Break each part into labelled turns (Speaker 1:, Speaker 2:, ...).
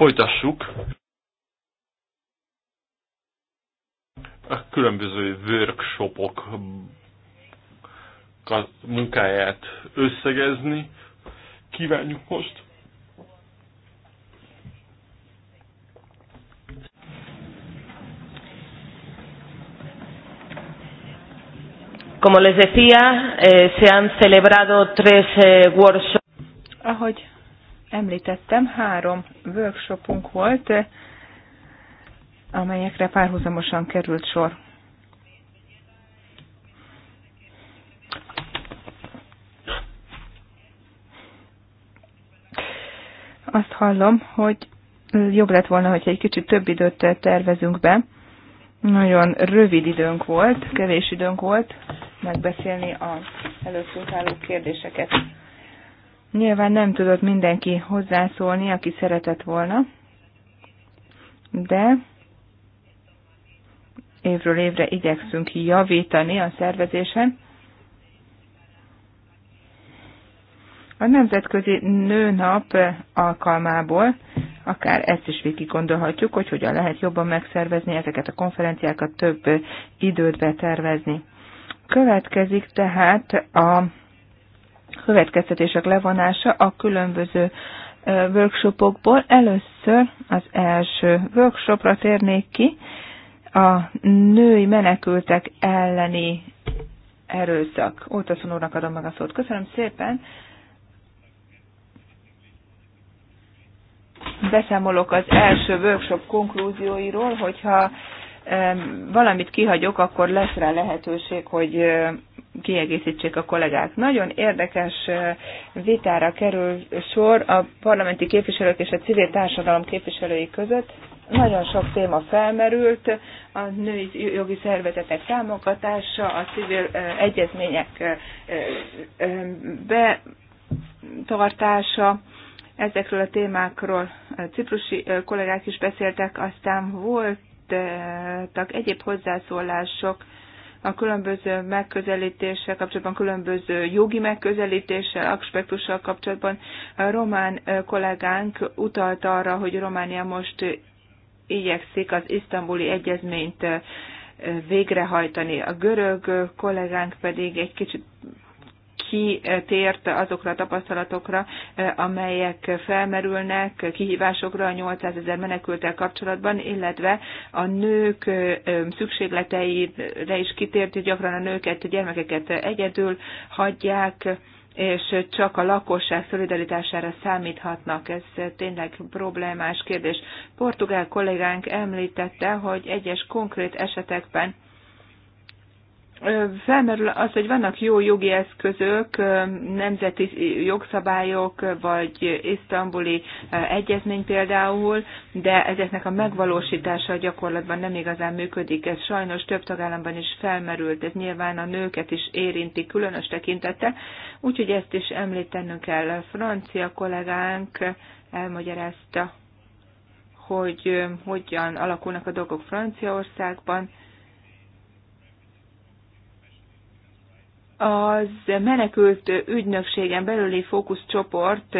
Speaker 1: Folytassuk. A különböző workshopok munkáját összegezni.
Speaker 2: Kívánjuk most.
Speaker 3: Como les decía, eh, se han celebrado tres eh, workshops.
Speaker 4: Ahogy említettem, három workshopunk volt, amelyekre párhuzamosan került sor. Azt hallom, hogy jobb lett volna, hogy egy kicsit több időt tervezünk be. Nagyon rövid időnk volt, kevés időnk volt megbeszélni a előszúrtáló kérdéseket. Nyilván nem tudott mindenki hozzászólni, aki szeretett volna, de évről évre igyekszünk javítani a szervezésen. A Nemzetközi Nőnap alkalmából akár ezt is végig gondolhatjuk, hogy hogyan lehet jobban megszervezni ezeket a konferenciákat, több időt betervezni. Következik tehát a következtetések levonása a különböző workshopokból. Először az első workshopra térnék ki, a női menekültek elleni erőszak. Ótaszon úrnak adom meg a szót. Köszönöm szépen. Beszámolok az első workshop konklúzióiról, hogyha valamit kihagyok, akkor lesz rá lehetőség, hogy kiegészítsék a kollégák. Nagyon érdekes vitára kerül sor a parlamenti képviselők és a civil társadalom képviselői között. Nagyon sok téma felmerült, a női jogi szervezetek támogatása, a civil egyezmények betartása, ezekről a témákról a ciprusi kollégák is beszéltek, aztán voltak egyéb hozzászólások, a különböző megközelítéssel kapcsolatban, különböző jogi megközelítéssel, aspektussal kapcsolatban. A román kollégánk utalt arra, hogy Románia most igyekszik az isztambuli egyezményt végrehajtani. A görög kollégánk pedig egy kicsit kitért azokra a tapasztalatokra, eh, amelyek felmerülnek kihívásokra a 800 ezer menekültel kapcsolatban, illetve a nők eh, szükségleteire is kitért, hogy gyakran a nőket, a gyermekeket egyedül hagyják, és csak a lakosság szolidaritására számíthatnak. Ez tényleg problémás kérdés. Portugál kollégánk említette, hogy egyes konkrét esetekben felmerül az, hogy vannak jó jogi eszközök, nemzeti jogszabályok, vagy isztambuli egyezmény például, de ezeknek a megvalósítása a gyakorlatban nem igazán működik. Ez sajnos több tagállamban is felmerült, ez nyilván a nőket is érinti különös tekintettel, úgyhogy ezt is említenünk kell. A francia kollégánk elmagyarázta, hogy hogyan alakulnak a dolgok Franciaországban, Az menekült ügynökségen belüli fókuszcsoport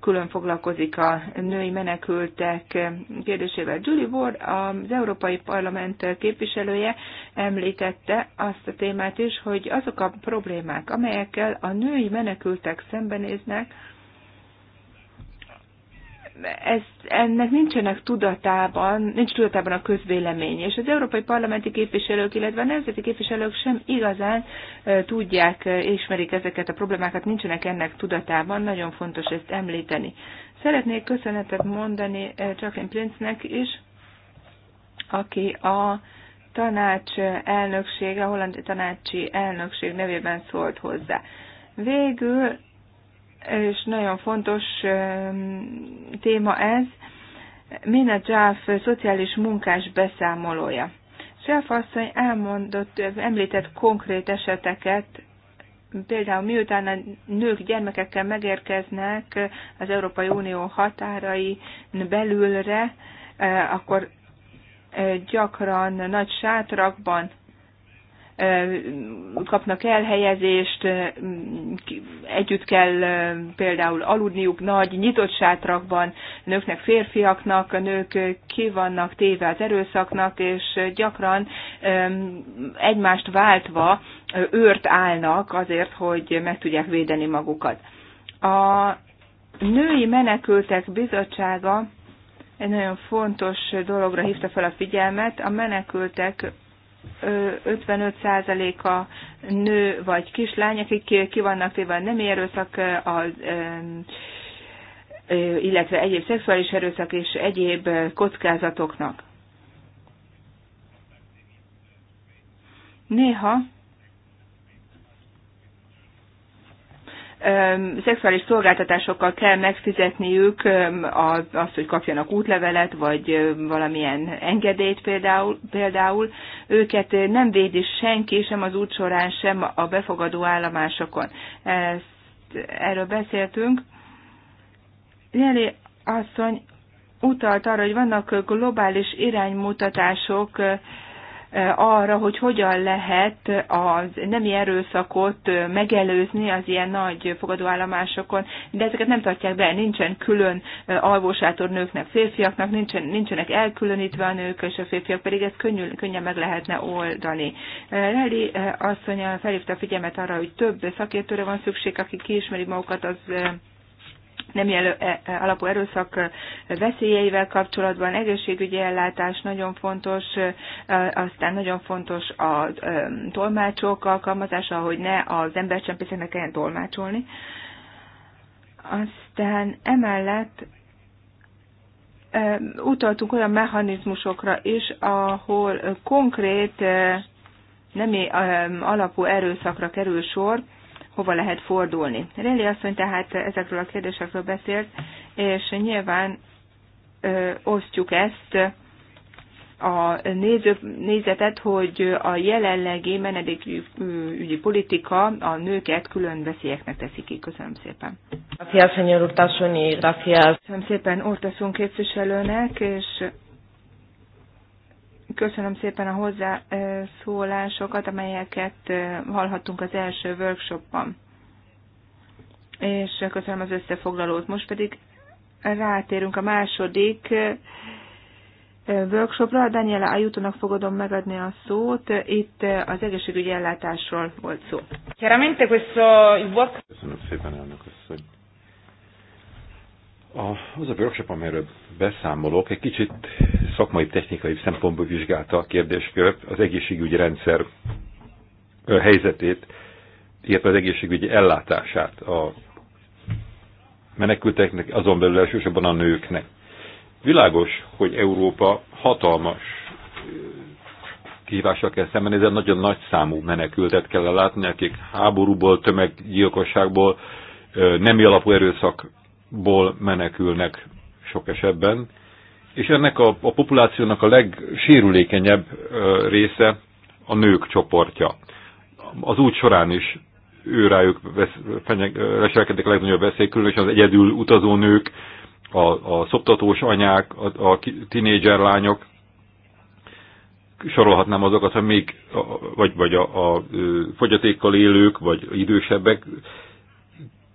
Speaker 4: külön foglalkozik a női menekültek kérdésével. Julie Ward, az Európai Parlament képviselője említette azt a témát is, hogy azok a problémák, amelyekkel a női menekültek szembenéznek, ez, ennek nincsenek tudatában, nincs tudatában a közvélemény, és az európai parlamenti képviselők, illetve a nemzeti képviselők sem igazán tudják, ismerik ezeket a problémákat, nincsenek ennek tudatában, nagyon fontos ezt említeni. Szeretnék köszönetet mondani Jacqueline Prince-nek is, aki a tanács elnöksége, a holland tanácsi elnökség nevében szólt hozzá. Végül és nagyon fontos téma ez, Mina Jaff szociális munkás beszámolója. Jaff asszony elmondott, említett konkrét eseteket, például miután a nők gyermekekkel megérkeznek az Európai Unió határai belülre, eh, akkor eh, gyakran nagy sátrakban kapnak elhelyezést, együtt kell például aludniuk nagy, nyitott sátrakban, nőknek, férfiaknak, a nők ki vannak téve az erőszaknak, és gyakran egymást váltva őrt állnak azért, hogy meg tudják védeni magukat. A Női Menekültek Bizottsága egy nagyon fontos dologra hívta fel a figyelmet. A menekültek 55%-a nő vagy kislány, akik ki vannak téve a nem erőszak, az, illetve egyéb szexuális erőszak és egyéb kockázatoknak. Néha szexuális szolgáltatásokkal kell megfizetniük azt, hogy kapjanak útlevelet, vagy valamilyen engedélyt például, például. Őket nem védi senki, sem az út során, sem a befogadó állomásokon. Ezt, erről beszéltünk. Jeli asszony utalt arra, hogy vannak globális iránymutatások, Eh, arra, hogy hogyan lehet az nemi erőszakot eh, megelőzni az ilyen nagy fogadóállomásokon, de ezeket nem tartják be, nincsen külön eh, alvósátor nőknek, férfiaknak, nincsen, nincsenek elkülönítve a nők és a férfiak, pedig ezt könnyű, könnyen meg lehetne oldani. Leli asszony felhívta a figyelmet arra, hogy több szakértőre van szükség, akik kiismerik magukat az nem jel- e, e, alapú erőszak e, veszélyeivel kapcsolatban egészségügyi ellátás nagyon fontos, aztán nagyon fontos a tolmácsok alkalmazása, hogy ne az embercsempészeknek kelljen tolmácsolni. Aztán emellett utaltunk olyan mechanizmusokra is, ahol konkrét nemi alapú erőszakra kerül sor, hova lehet fordulni. Réli asszony tehát ezekről a kérdésekről beszélt, és nyilván ö, osztjuk ezt a néző, nézetet, hogy a jelenlegi menedékügyi politika a nőket külön veszélyeknek teszi ki. Köszönöm szépen. señor Köszönöm szépen Urtasun képviselőnek, és Köszönöm szépen a hozzászólásokat, amelyeket hallhattunk az első workshopban. És köszönöm az összefoglalót. Most pedig rátérünk a második workshopra. Daniela Ajutónak fogadom megadni a szót. Itt az egészségügyi ellátásról volt szó. Köszönöm
Speaker 2: szépen, elnök asszony. Az a workshop, amelyről beszámolok, egy kicsit szakmai, technikai szempontból vizsgálta a kérdéskört, az egészségügyi rendszer helyzetét, illetve az egészségügyi ellátását a menekülteknek, azon belül elsősorban a nőknek. Világos, hogy Európa hatalmas kihívással kell szembenézni, nagyon nagy számú menekültet kell látni, akik háborúból, tömeggyilkosságból, nem alapú erőszak ból menekülnek sok esetben, és ennek a, a populációnak a legsérülékenyebb része a nők csoportja. Az út során is ő rájuk leselkedik a legnagyobb veszély, különösen az egyedül utazó nők, a, a szoptatós anyák, a, a tinédzser lányok, sorolhatnám azokat, ha még, vagy, vagy a, a fogyatékkal élők, vagy idősebbek,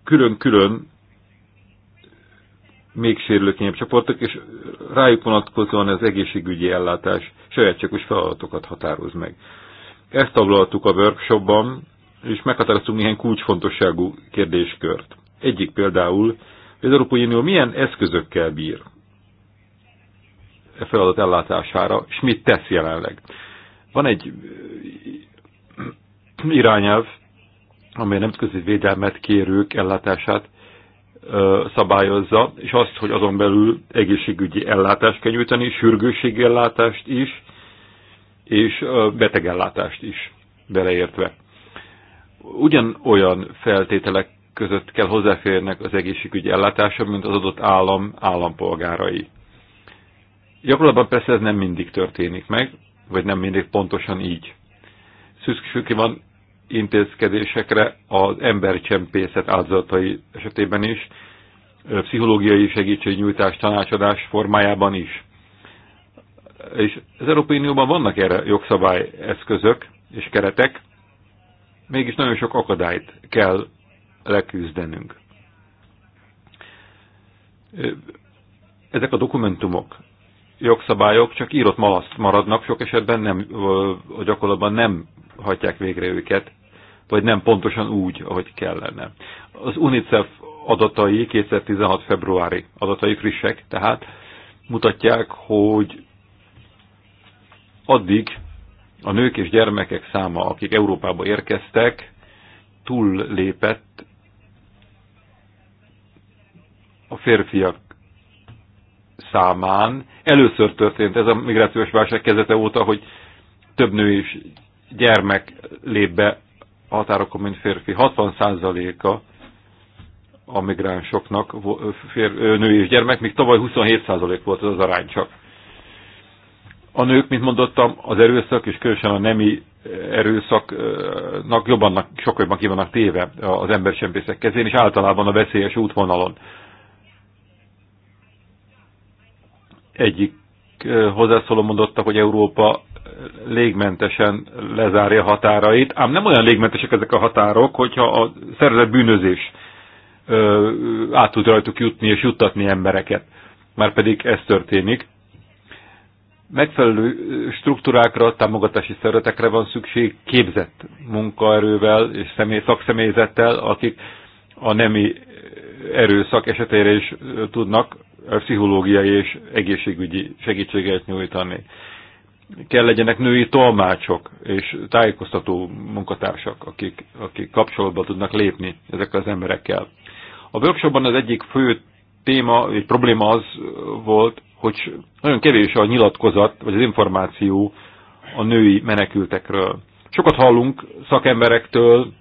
Speaker 2: külön-külön még sérülékenyebb csoportok, és rájuk vonatkozóan az egészségügyi ellátás sajátságos feladatokat határoz meg. Ezt taglaltuk a workshopban, és meghatároztunk néhány kulcsfontosságú kérdéskört. Egyik például, hogy az Európai Unió milyen eszközökkel bír a e feladat ellátására, és mit tesz jelenleg. Van egy irányelv, amely nemzetközi védelmet kérők ellátását szabályozza, és azt, hogy azon belül egészségügyi ellátást kell nyújtani, sürgőségi ellátást is, és betegellátást is beleértve. Ugyanolyan feltételek között kell hozzáférnek az egészségügyi ellátása, mint az adott állam állampolgárai. Gyakorlatban persze ez nem mindig történik meg, vagy nem mindig pontosan így. Szükség van intézkedésekre az embercsempészet áldozatai esetében is, pszichológiai segítségnyújtás, tanácsadás formájában is. És az Európai Unióban vannak erre jogszabály eszközök és keretek, mégis nagyon sok akadályt kell leküzdenünk. Ezek a dokumentumok, jogszabályok csak írott malaszt maradnak, sok esetben nem, a gyakorlatban nem hajtják végre őket, vagy nem pontosan úgy, ahogy kellene. Az UNICEF adatai, 2016. februári adatai frissek, tehát mutatják, hogy addig a nők és gyermekek száma, akik Európába érkeztek, túllépett a férfiak számán. Először történt ez a migrációs válság kezdete óta, hogy több nő és gyermek lép be határokon, mint férfi. 60%-a a migránsoknak fér, nő és gyermek, még tavaly 27% volt az arány csak. A nők, mint mondottam, az erőszak és különösen a nemi erőszaknak jobban, sokkal jobban ki téve az embercsempészek kezén, és általában a veszélyes útvonalon. Egyik hozzászóló mondotta, hogy Európa légmentesen lezárja határait, ám nem olyan légmentesek ezek a határok, hogyha a szervezett bűnözés ö, át tud rajtuk jutni és juttatni embereket. Márpedig ez történik. Megfelelő struktúrákra, támogatási szervetekre van szükség képzett munkaerővel és személy, szakszemélyzettel, akik a nemi erőszak esetére is tudnak pszichológiai és egészségügyi segítséget nyújtani kell legyenek női tolmácsok és tájékoztató munkatársak, akik, akik kapcsolatba tudnak lépni ezekkel az emberekkel. A workshopban az egyik fő téma, egy probléma az volt, hogy nagyon kevés a nyilatkozat, vagy az információ a női menekültekről. Sokat hallunk szakemberektől,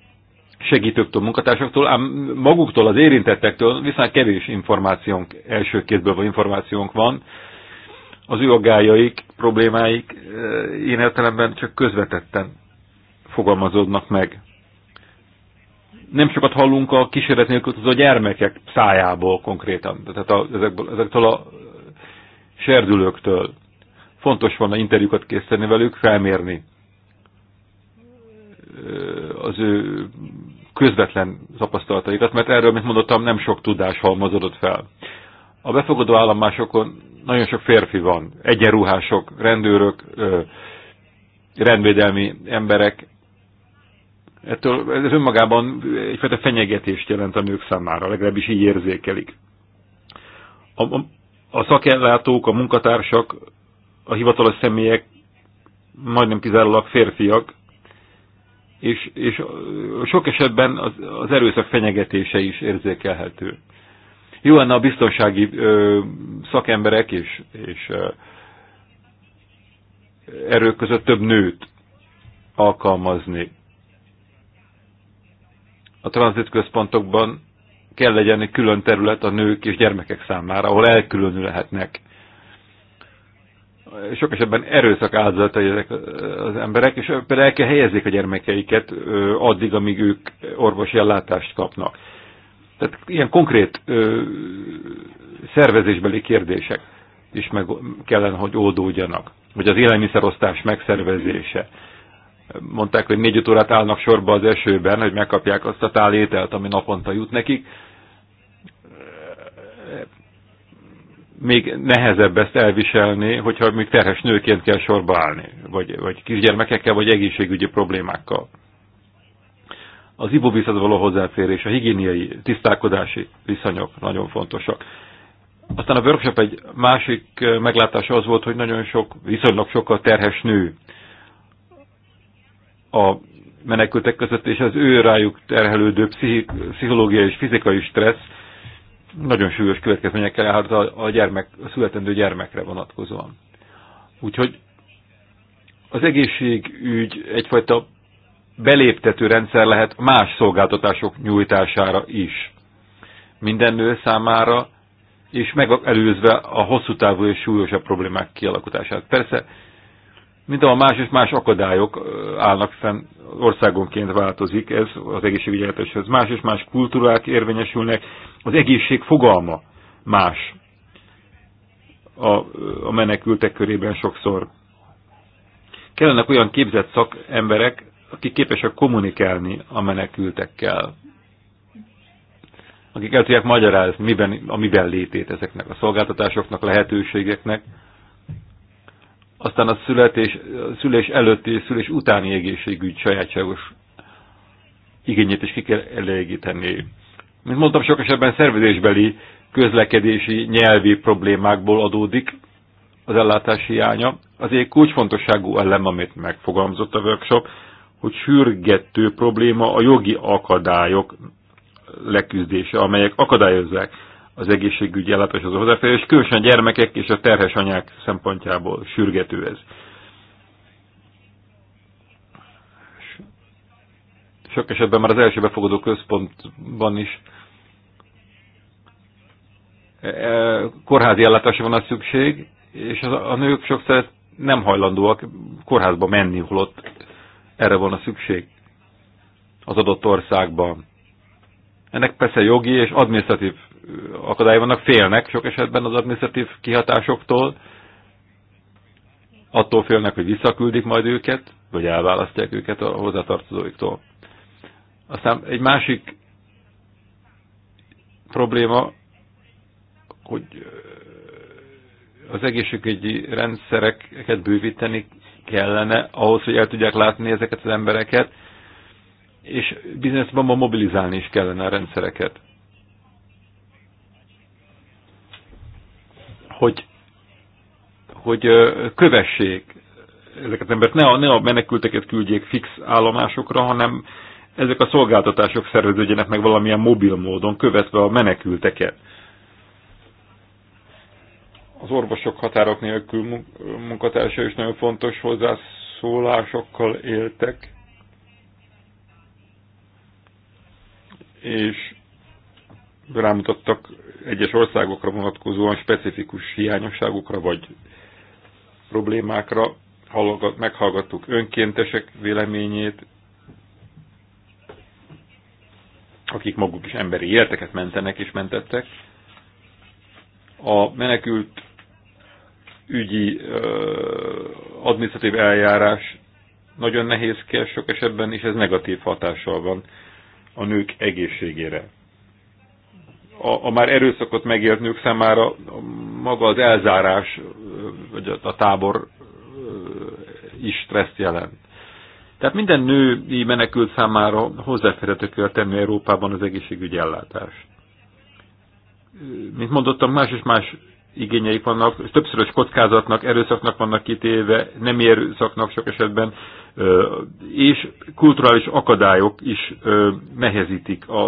Speaker 2: segítőktől, munkatársaktól, ám maguktól, az érintettektől viszont kevés információnk, első kétből, vagy információnk van, az ő aggájaik, problémáik eh, én értelemben csak közvetetten fogalmazódnak meg. Nem sokat hallunk a kísérlet nélkül az a gyermekek szájából konkrétan, tehát a, ezekből, ezektől a serdülőktől. Fontos volna interjúkat készíteni velük, felmérni eh, az ő közvetlen tapasztalataikat, mert erről, mint mondottam, nem sok tudás halmazódott fel. A befogadó állomásokon nagyon sok férfi van, egyenruhások, rendőrök, rendvédelmi emberek. Ettől ez önmagában egyfajta fenyegetést jelent a nők számára, legalábbis így érzékelik. A, a, a szakellátók, a munkatársak, a hivatalos személyek majdnem kizárólag férfiak, és, és sok esetben az, az erőszak fenyegetése is érzékelhető. Jó lenne a biztonsági ö, szakemberek és, és erők között több nőt alkalmazni. A központokban kell legyen egy külön terület a nők és gyermekek számára, ahol elkülönülhetnek. Sok esetben erőszak áldozatai ezek az emberek, és például el kell helyezzék a gyermekeiket addig, amíg ők orvosi ellátást kapnak. Tehát ilyen konkrét ö, szervezésbeli kérdések is meg kellene, hogy oldódjanak. Vagy az élelmiszerosztás megszervezése. Mondták, hogy négy órát állnak sorba az esőben, hogy megkapják azt a tálételt, ami naponta jut nekik. Még nehezebb ezt elviselni, hogyha még terhes nőként kell sorba állni, vagy, vagy kisgyermekekkel, vagy egészségügyi problémákkal az ivóvízhez való hozzáférés, a higiéniai, tisztálkodási viszonyok nagyon fontosak. Aztán a workshop egy másik meglátása az volt, hogy nagyon sok, viszonylag sokkal terhes nő a menekültek között, és az ő rájuk terhelődő pszichológiai és fizikai stressz nagyon súlyos következményekkel a, a, gyermek, a születendő gyermekre vonatkozóan. Úgyhogy az egészségügy egyfajta beléptető rendszer lehet más szolgáltatások nyújtására is. Minden nő számára, és megelőzve a hosszú távú és súlyosabb problémák kialakulását. Persze, mint a más és más akadályok állnak fenn, országonként változik ez az egészségügyeleteshez. Más és más kultúrák érvényesülnek, az egészség fogalma más a, a menekültek körében sokszor. Kellenek olyan képzett szakemberek, akik képesek kommunikálni a menekültekkel, akik el tudják magyarázni, miben, a miben létét ezeknek a szolgáltatásoknak, lehetőségeknek, aztán a születés, a szülés előtti és szülés utáni egészségügy sajátságos igényét is ki kell elégíteni. Mint mondtam, sok esetben szervezésbeli, közlekedési, nyelvi problémákból adódik az ellátás hiánya. Az egy kulcsfontosságú elem, amit megfogalmazott a workshop, hogy sürgető probléma a jogi akadályok leküzdése, amelyek akadályozzák az egészségügyi ellátáshoz a hozzáférés, különösen a gyermekek és a terhes anyák szempontjából sürgető ez. Sok esetben már az első befogadó központban is e, e, kórházi ellátásra van a szükség, és a nők sokszor nem hajlandóak kórházba menni, holott erre van a szükség az adott országban. Ennek persze jogi és administratív akadály vannak, félnek sok esetben az administratív kihatásoktól, attól félnek, hogy visszaküldik majd őket, vagy elválasztják őket a hozzátartozóiktól. Aztán egy másik probléma, hogy az egészségügyi rendszereket bővíteni kellene ahhoz, hogy el tudják látni ezeket az embereket, és bizonyosban mobilizálni is kellene a rendszereket. Hogy, hogy kövessék ezeket az embert, ne a, ne a menekülteket küldjék fix állomásokra, hanem ezek a szolgáltatások szerveződjenek meg valamilyen mobil módon, követve a menekülteket az orvosok határok nélkül munkatársa is nagyon fontos hozzászólásokkal éltek, és rámutattak egyes országokra vonatkozóan specifikus hiányosságokra vagy problémákra, meghallgattuk önkéntesek véleményét, akik maguk is emberi életeket mentenek és mentettek. A menekült ügyi adminisztratív eljárás nagyon nehézkes sok esetben, és ez negatív hatással van a nők egészségére. A, a már erőszakot megért nők számára maga az elzárás, vagy a tábor is stresszt jelent. Tehát minden női menekült számára hozzáférhető kell tenni Európában az egészségügyi ellátást. Mint mondottam, más és más igényeik vannak, többszörös kockázatnak, erőszaknak vannak kitéve, nem erőszaknak sok esetben, és kulturális akadályok is nehezítik a,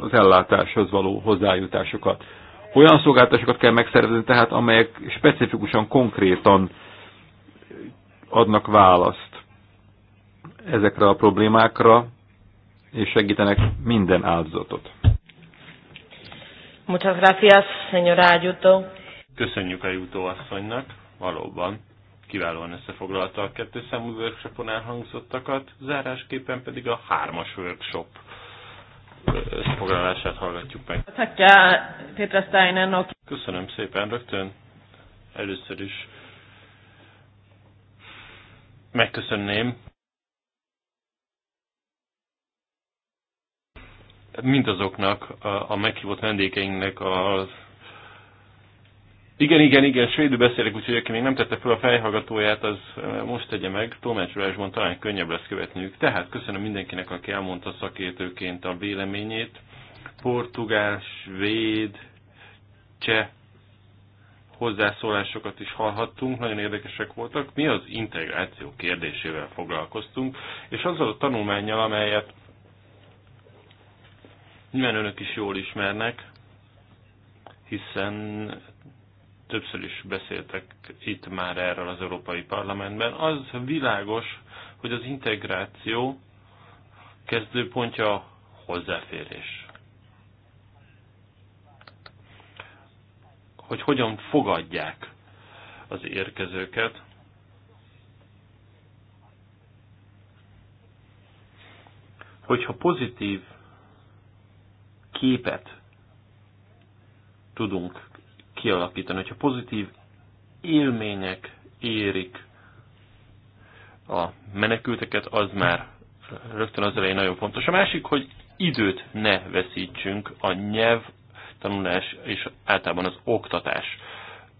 Speaker 2: az ellátáshoz való hozzájutásokat. Olyan szolgáltatásokat kell megszervezni tehát, amelyek specifikusan, konkrétan adnak választ ezekre a problémákra, és segítenek minden áldozatot.
Speaker 3: Muchas gracias, señora Ayuto.
Speaker 2: Köszönjük a
Speaker 1: Ayuto asszonynak, valóban kiválóan összefoglalta a kettő számú workshopon elhangzottakat, zárásképpen pedig a hármas workshop összefoglalását hallgatjuk meg. Köszönöm szépen, rögtön először is megköszönném Hát mindazoknak a, a meghívott vendégeinknek a igen, igen, igen, svédül beszélek, úgyhogy aki még nem tette fel a fejhallgatóját, az eh, most tegye meg. Rásban talán könnyebb lesz követniük. Tehát köszönöm mindenkinek, aki elmondta szakértőként a véleményét. Portugál, svéd, cseh hozzászólásokat is hallhattunk, nagyon érdekesek voltak. Mi az integráció kérdésével foglalkoztunk, és azzal a tanulmányjal, amelyet Nyilván önök is jól ismernek, hiszen többször is beszéltek itt már erről az Európai Parlamentben. Az világos, hogy az integráció kezdőpontja a hozzáférés. Hogy hogyan fogadják az érkezőket, hogyha pozitív képet tudunk kialakítani. Hogyha pozitív élmények érik a menekülteket, az már rögtön az elején nagyon fontos. A másik, hogy időt ne veszítsünk a nyelv tanulás és általában az oktatás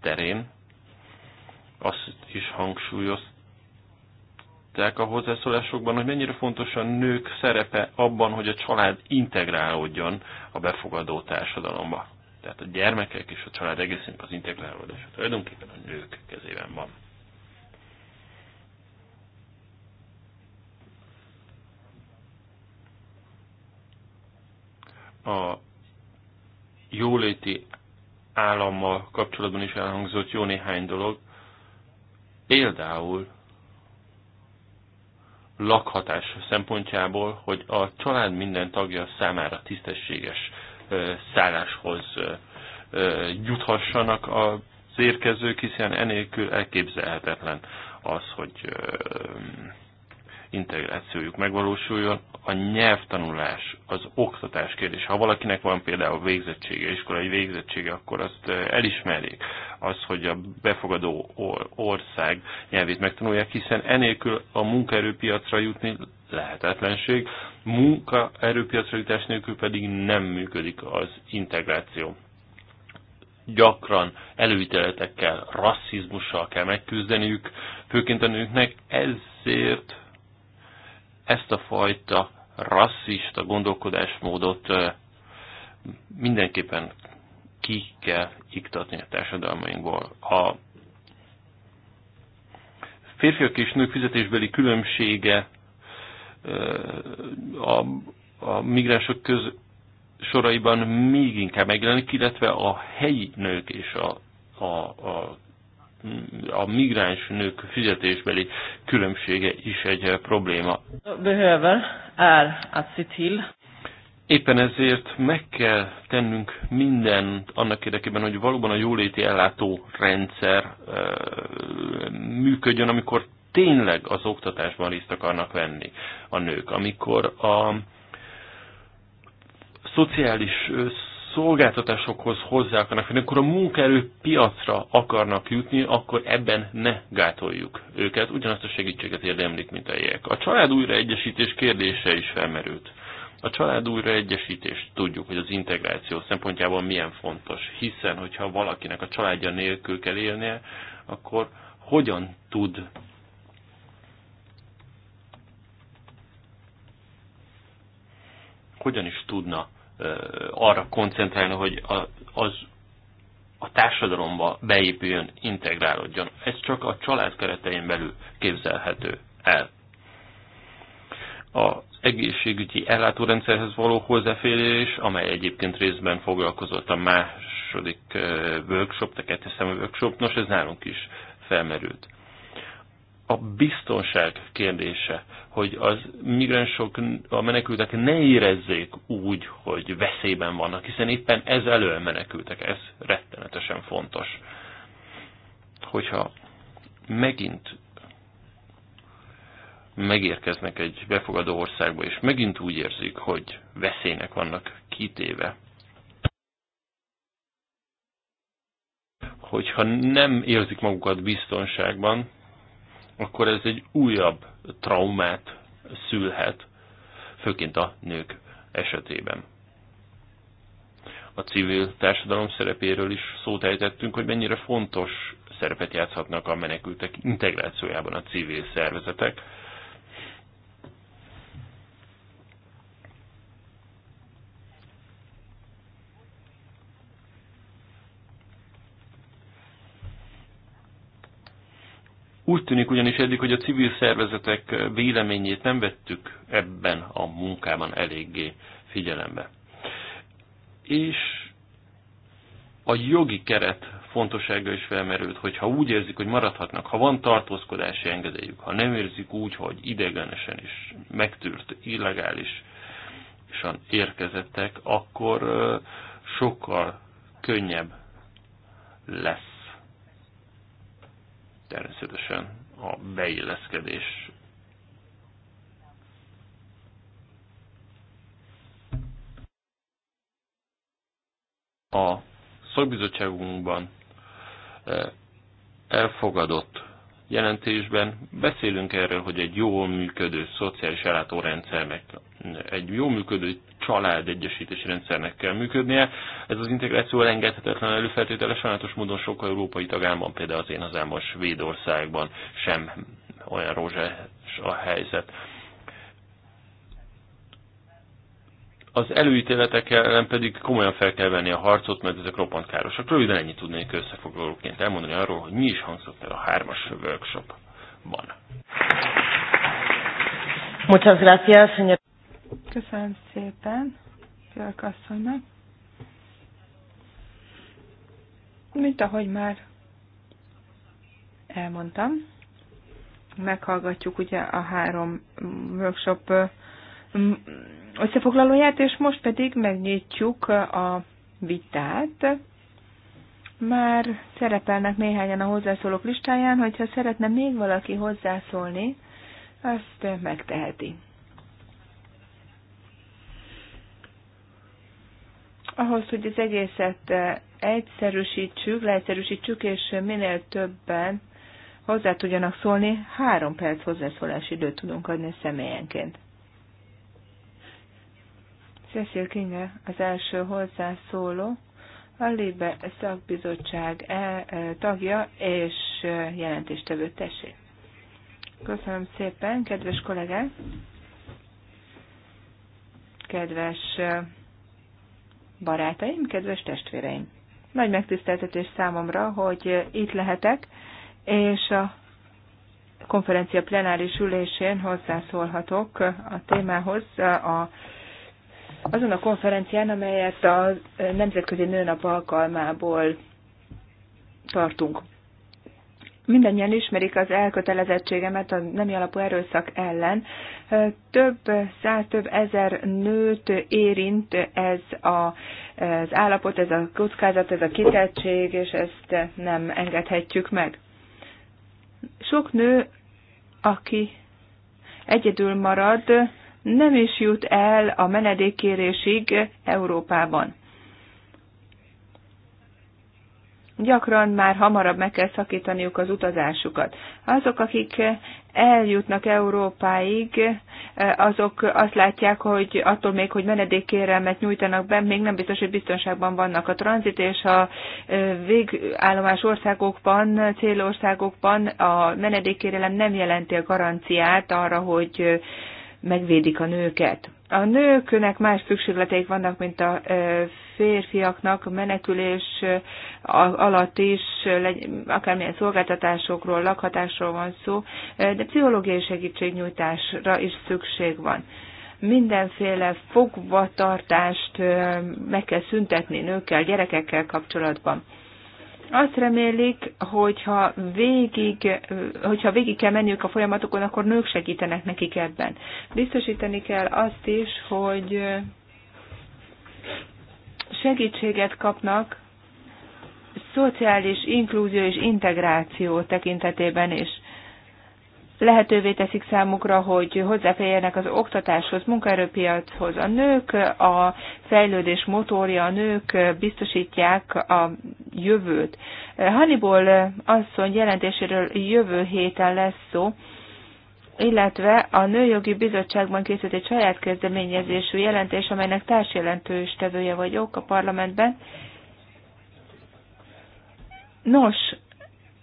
Speaker 1: terén. Azt is hangsúlyoz, említettek a hozzászólásokban, hogy mennyire fontos a nők szerepe abban, hogy a család integrálódjon a befogadó társadalomba. Tehát a gyermekek és a család egészen az integrálódása tulajdonképpen a nők kezében van. A jóléti állammal kapcsolatban is elhangzott jó néhány dolog. Például lakhatás szempontjából, hogy a család minden tagja számára tisztességes szálláshoz juthassanak az érkezők, hiszen enélkül elképzelhetetlen az, hogy integrációjuk megvalósuljon. A nyelvtanulás, az oktatás kérdés. Ha valakinek van például végzettsége, iskolai végzettsége, akkor azt elismerjék. Az, hogy a befogadó ország nyelvét megtanulják, hiszen enélkül a munkaerőpiacra jutni lehetetlenség, munkaerőpiacra jutás nélkül pedig nem működik az integráció gyakran előítéletekkel, rasszizmussal kell megküzdeniük, főként a nőknek, ezért ezt a fajta rasszista gondolkodásmódot mindenképpen ki kell iktatni a társadalmainkból. A férfiak és nők fizetésbeli különbsége a, a migránsok köz soraiban még inkább megjelenik, illetve a helyi nők és a, a, a a migráns nők fizetésbeli különbsége is egy eh, probléma.
Speaker 3: Behöver är att
Speaker 1: Éppen ezért meg kell tennünk mindent annak érdekében, hogy valóban a jóléti ellátó rendszer eh, működjön, amikor tényleg az oktatásban részt akarnak venni a nők, amikor a szociális eh, szolgáltatásokhoz hozzá akarnak férni, akkor a munkaerő piacra akarnak jutni, akkor ebben ne gátoljuk őket. Ugyanazt a segítséget érdemlik, mint a jegyek. A család újraegyesítés kérdése is felmerült. A család újraegyesítést tudjuk, hogy az integráció szempontjából milyen fontos, hiszen hogyha valakinek a családja nélkül kell élnie, akkor hogyan tud hogyan is tudna arra koncentrálni, hogy az a társadalomba beépüljön, integrálódjon. Ez csak a család keretein belül képzelhető el. A egészségügyi ellátórendszerhez való hozzáférés, amely egyébként részben foglalkozott a második workshop, a kettes workshop, nos ez nálunk is felmerült a biztonság kérdése, hogy az migránsok, a menekültek ne érezzék úgy, hogy veszélyben vannak, hiszen éppen ez elől menekültek, ez rettenetesen fontos. Hogyha megint megérkeznek egy befogadó országba, és megint úgy érzik, hogy veszélynek vannak kitéve, hogyha nem érzik magukat biztonságban, akkor ez egy újabb traumát szülhet, főként a nők esetében. A civil társadalom szerepéről is szót ejtettünk, hogy mennyire fontos szerepet játszhatnak a menekültek integrációjában a civil szervezetek Úgy tűnik ugyanis eddig, hogy a civil szervezetek véleményét nem vettük ebben a munkában eléggé figyelembe. És a jogi keret fontossága is felmerült, hogy ha úgy érzik, hogy maradhatnak, ha van tartózkodási engedélyük, ha nem érzik úgy, hogy idegenesen is megtűrt, illegálisan érkezettek, akkor sokkal könnyebb lesz természetesen a beilleszkedés a szakbizottságunkban eh, elfogadott jelentésben beszélünk erről, hogy egy jól működő szociális ellátórendszernek egy jó működő család egyesítési rendszernek kell működnie. Ez az integráció elengedhetetlen előfeltétele, sajnálatos módon sok európai tagállamban, például az én hazámban, Svédországban sem olyan rózsás a helyzet. Az előítéletek ellen pedig komolyan fel kell venni a harcot, mert ezek roppant károsak. Röviden ennyit tudnék összefoglalóként elmondani arról, hogy mi is hangzott el a hármas workshopban.
Speaker 3: Muchas gracias,
Speaker 4: señor. Köszönöm szépen Björk asszonynak. Mint ahogy már elmondtam, meghallgatjuk ugye a három workshop összefoglalóját, és most pedig megnyitjuk a vitát. Már szerepelnek néhányan a hozzászólók listáján, hogyha szeretne még valaki hozzászólni, azt megteheti. ahhoz, hogy az egészet eh, egyszerűsítsük, leegyszerűsítsük, és minél többen hozzá tudjanak szólni, három perc hozzászólási időt tudunk adni személyenként. Cecil Kinga, az első hozzászóló, a Libe szakbizottság eh, eh, tagja és jelentéstevő tessé. Köszönöm szépen, kedves kollégák! Kedves barátaim, kedves testvéreim! Nagy megtiszteltetés számomra, hogy itt lehetek, és a konferencia plenáris ülésén hozzászólhatok a témához a azon a konferencián, amelyet a Nemzetközi Nőnap alkalmából tartunk mindannyian ismerik az elkötelezettségemet a nemi alapú erőszak ellen. Több száz, több ezer nőt érint ez a, az állapot, ez a kockázat, ez a kitettség, és ezt nem engedhetjük meg. Sok nő, aki egyedül marad, nem is jut el a menedékkérésig Európában. gyakran már hamarabb meg kell szakítaniuk az utazásukat. Azok, akik eljutnak Európáig, azok azt látják, hogy attól még, hogy menedékkérelmet nyújtanak be, még nem biztos, hogy biztonságban vannak a tranzit és a végállomás országokban, célországokban a menedékkérelem nem jelenti a garanciát arra, hogy megvédik a nőket. A nőknek más szükségleteik vannak, mint a férfiaknak menekülés alatt is, akármilyen szolgáltatásokról, lakhatásról van szó, de pszichológiai segítségnyújtásra is szükség van mindenféle fogvatartást meg kell szüntetni nőkkel, gyerekekkel kapcsolatban. Azt remélik, hogyha végig, hogyha végig kell menniük a folyamatokon, akkor nők segítenek nekik ebben. Biztosítani kell azt is, hogy segítséget kapnak szociális inklúzió és integráció tekintetében is. Lehetővé teszik számukra, hogy hozzáférjenek az oktatáshoz, munkaerőpiachoz. A nők a fejlődés motorja, a nők biztosítják a jövőt. Hannibal asszony jelentéséről jövő héten lesz szó, illetve a Nőjogi Bizottságban készült egy saját kezdeményezésű jelentés, amelynek társjelentős tevője vagyok a parlamentben. Nos,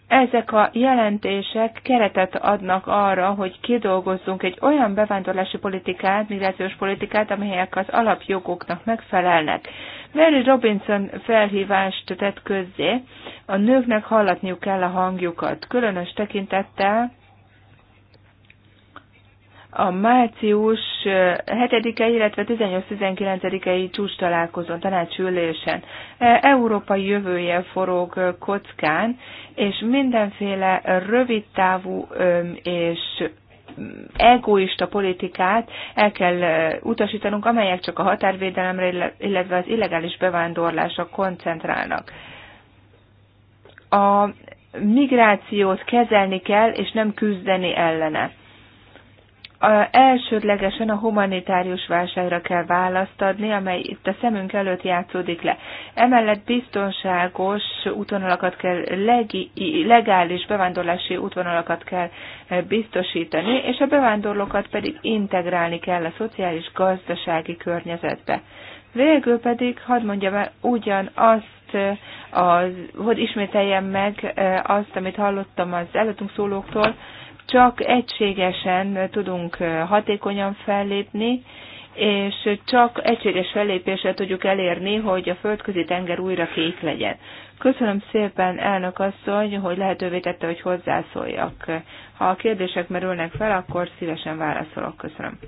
Speaker 4: ezek a jelentések keretet adnak arra, hogy kidolgozzunk egy olyan bevándorlási politikát, migrációs politikát, amelyek az alapjogoknak megfelelnek. Mary Robinson felhívást tett közzé, a nőknek hallatniuk kell a hangjukat, különös tekintettel a március 7-e, eh, illetve 18-19-i csúcs találkozón, tanácsülésen. Eh, európai jövője forog eh, kockán, és mindenféle rövidtávú és mm, egoista politikát el kell utasítanunk, amelyek csak a határvédelemre, illetve az illegális bevándorlásra koncentrálnak. A migrációt kezelni kell, és nem küzdeni ellene a, elsődlegesen a humanitárius válságra kell választ adni, amely itt a szemünk előtt játszódik le. Emellett biztonságos útvonalakat kell, legi, legális bevándorlási útvonalakat kell e, biztosítani, és a bevándorlókat pedig integrálni kell a szociális-gazdasági környezetbe. Végül pedig, hadd mondjam el, ugyanazt, e, az, hogy ismételjem meg e, azt, amit hallottam az előttünk szólóktól, csak egységesen tudunk hatékonyan fellépni, és csak egységes fellépéssel tudjuk elérni, hogy a földközi tenger újra kék legyen. Köszönöm szépen, elnök asszony, hogy lehetővé tette, hogy hozzászóljak. Ha a kérdések merülnek fel, akkor szívesen válaszolok. Köszönöm.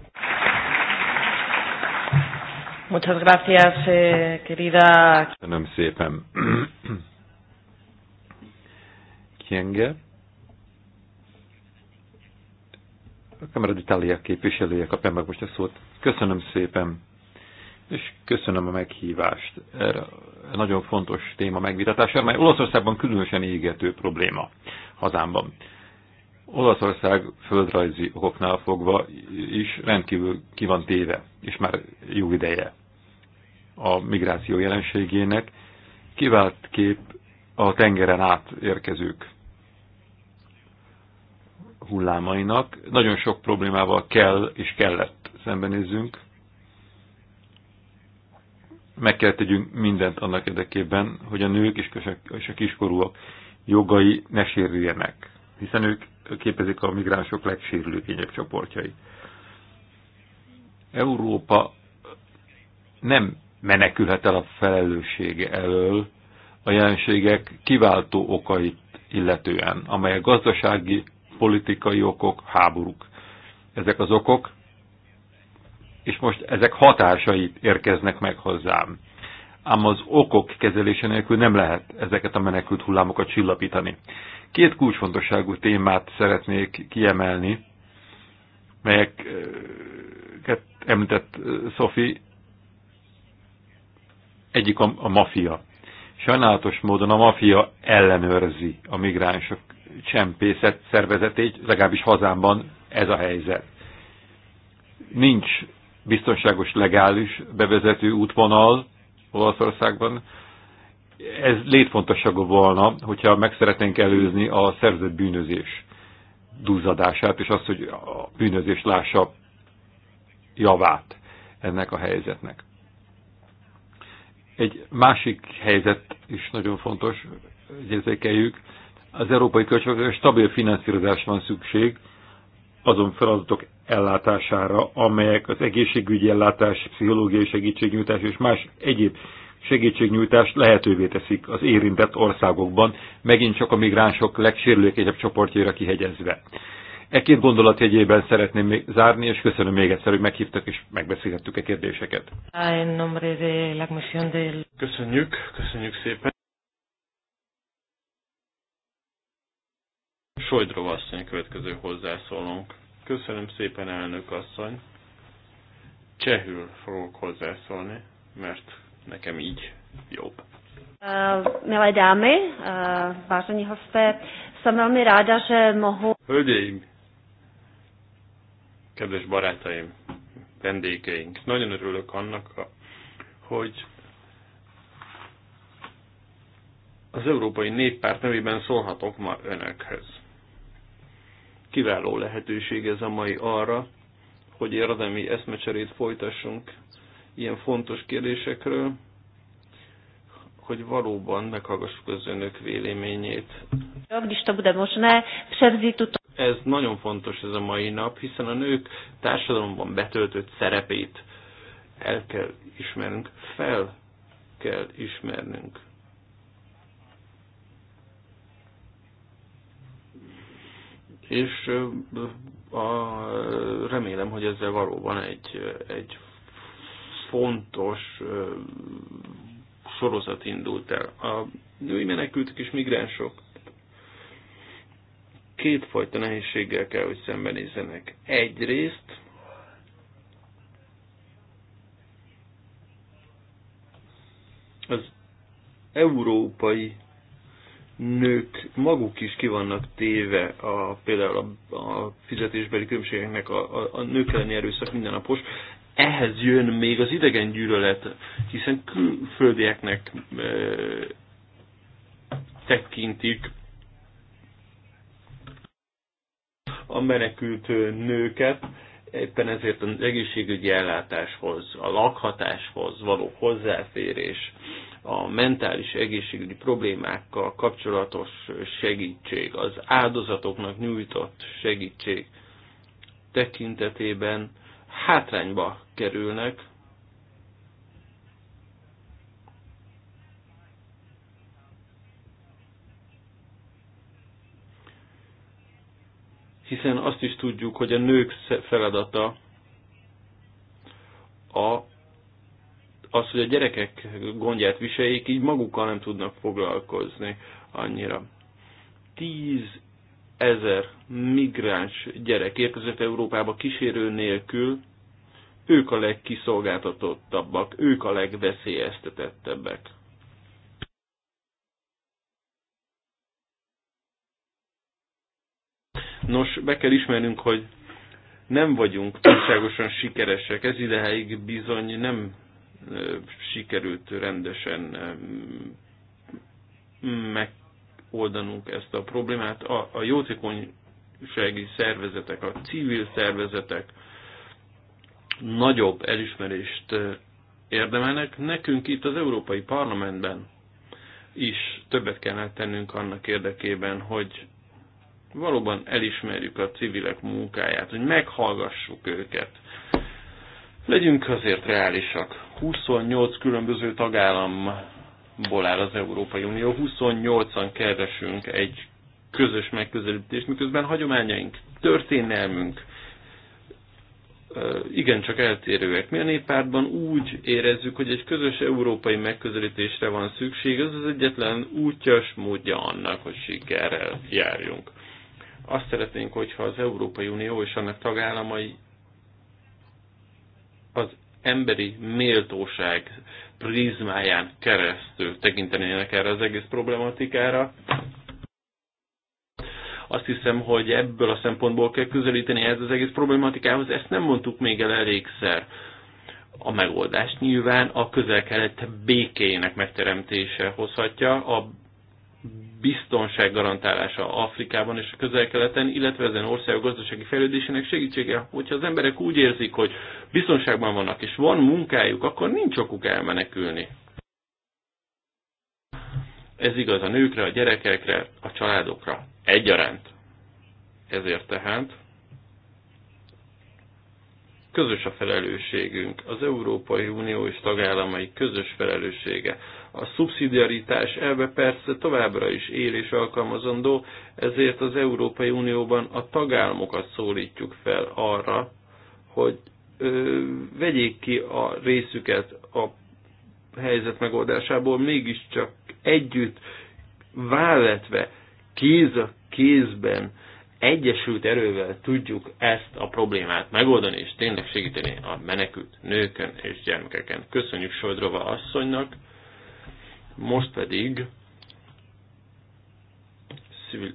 Speaker 4: Muchas gracias, eh,
Speaker 3: querida.
Speaker 2: Köszönöm szépen. Kienge. Kamera d'Italia képviselője kapja meg most a szót. Köszönöm szépen, és köszönöm a meghívást erre a nagyon fontos téma megvitatására, mert Olaszországban különösen égető probléma hazámban. Olaszország földrajzi okoknál fogva is rendkívül ki van téve, és már jó ideje a migráció jelenségének. Kivált kép a tengeren át érkezők hullámainak. Nagyon sok problémával kell és kellett szembenézzünk. Meg kell tegyünk mindent annak érdekében, hogy a nők és a kiskorúak jogai ne sérüljenek, hiszen ők képezik a migránsok legsérülőkényebb csoportjai. Európa nem menekülhet el a felelőssége elől a jelenségek kiváltó okait illetően, amelyek gazdasági, politikai okok, háborúk. Ezek az okok, és most ezek hatásait érkeznek meg hozzám. Ám az okok kezelése nélkül nem lehet ezeket a menekült hullámokat csillapítani. Két kulcsfontosságú témát szeretnék kiemelni, melyeket említett eh, Szofi, egyik a, a mafia. Sajnálatos módon a mafia ellenőrzi a migránsok csempészet szervezetét, legalábbis hazámban ez a helyzet. Nincs biztonságos legális bevezető útvonal Olaszországban. Ez létfontosságú volna, hogyha meg szeretnénk előzni a szerzett bűnözés duzzadását, és azt, hogy a bűnözés lássa javát ennek a helyzetnek. Egy másik helyzet is nagyon fontos, hogy érzékeljük, az európai költségvetésre stabil finanszírozás van szükség azon feladatok ellátására, amelyek az egészségügyi ellátás, pszichológiai segítségnyújtás és más egyéb segítségnyújtást lehetővé teszik az érintett országokban, megint csak a migránsok legsérülékenyebb csoportjaira kihegyezve. E két gondolat jegyében szeretném még zárni, és köszönöm még egyszer, hogy meghívtak és megbeszélhettük a e kérdéseket.
Speaker 1: Köszönjük, köszönjük szépen. Sojdrov asszony következő hozzászólónk. Köszönöm szépen, elnök asszony. Csehül fogok hozzászólni, mert nekem így jobb.
Speaker 4: Uh, milé dámy, uh, vážení hosté, jsem velmi ráda, že mohu...
Speaker 1: Hölgyeim, kedves barátaim, vendégeink, nagyon örülök annak, hogy az Európai Néppárt nevében szólhatok ma önökhöz. Kiváló lehetőség ez a mai arra, hogy érdemi eszmecserét folytassunk ilyen fontos kérdésekről, hogy valóban meghallgassuk az önök véleményét. Ez nagyon fontos ez a mai nap, hiszen a nők társadalomban betöltött szerepét el kell ismernünk, fel kell ismernünk. és a, remélem, hogy ezzel valóban egy, egy fontos sorozat indult el. A női menekültek és migránsok kétfajta nehézséggel kell, hogy szembenézzenek.
Speaker 2: Egyrészt
Speaker 1: az európai nők maguk is kivannak téve a, például a, a fizetésbeli különbségeknek a, a, a nők elleni erőszak mindennapos. Ehhez jön még az idegen gyűlölet, hiszen külföldieknek e, tekintik a menekült e, nőket, Éppen ezért az egészségügyi ellátáshoz, a lakhatáshoz való hozzáférés, a mentális egészségügyi problémákkal kapcsolatos segítség, az áldozatoknak nyújtott segítség tekintetében hátrányba kerülnek, hiszen azt is tudjuk, hogy a nők feladata a, az, hogy a gyerekek gondját viseljék, így magukkal nem tudnak foglalkozni annyira. Tíz ezer migráns gyerek érkezett Európába kísérő nélkül, ők a legkiszolgáltatottabbak, ők a legveszélyeztetettebbek. Nos, be kell ismernünk, hogy nem vagyunk túlságosan sikeresek. Ez ideig bizony nem sikerült rendesen megoldanunk ezt a problémát. A, a jótékonysági szervezetek, a civil szervezetek nagyobb elismerést érdemelnek. Nekünk itt az Európai Parlamentben is többet kellene tennünk annak érdekében, hogy valóban elismerjük a civilek munkáját, hogy meghallgassuk őket. Legyünk azért reálisak. 28 különböző tagállamból áll az Európai Unió, 28-an keresünk egy közös megközelítést, miközben hagyományaink, történelmünk igencsak eltérőek. Mi a néppártban úgy érezzük, hogy egy közös európai megközelítésre van szükség, ez az egyetlen útjas módja annak, hogy sikerrel járjunk. Azt szeretnénk, hogyha az Európai Unió és annak tagállamai az emberi méltóság prizmáján keresztül tekintenének erre az egész problematikára. Azt hiszem, hogy ebből a szempontból kell közelíteni ez az egész problematikához. Ezt nem mondtuk még el elégszer. A megoldást nyilván a közel-kelet békéjének megteremtése hozhatja. A biztonság garantálása Afrikában és a közel-keleten, illetve ezen országok gazdasági fejlődésének segítsége, hogyha az emberek úgy érzik, hogy biztonságban vannak és van munkájuk, akkor nincs okuk elmenekülni. Ez igaz a nőkre, a gyerekekre, a családokra egyaránt. Ezért tehát közös a felelősségünk, az Európai Unió és tagállamai közös felelőssége a szubszidiaritás elve persze továbbra is él és alkalmazandó, ezért az Európai Unióban a tagállamokat szólítjuk fel arra, hogy ö, vegyék ki a részüket a helyzet megoldásából, mégiscsak együtt, válletve, kéz a kézben, egyesült erővel tudjuk ezt a problémát megoldani, és tényleg segíteni a menekült nőkön és gyermekeken. Köszönjük Sojdrova asszonynak, most pedig Szül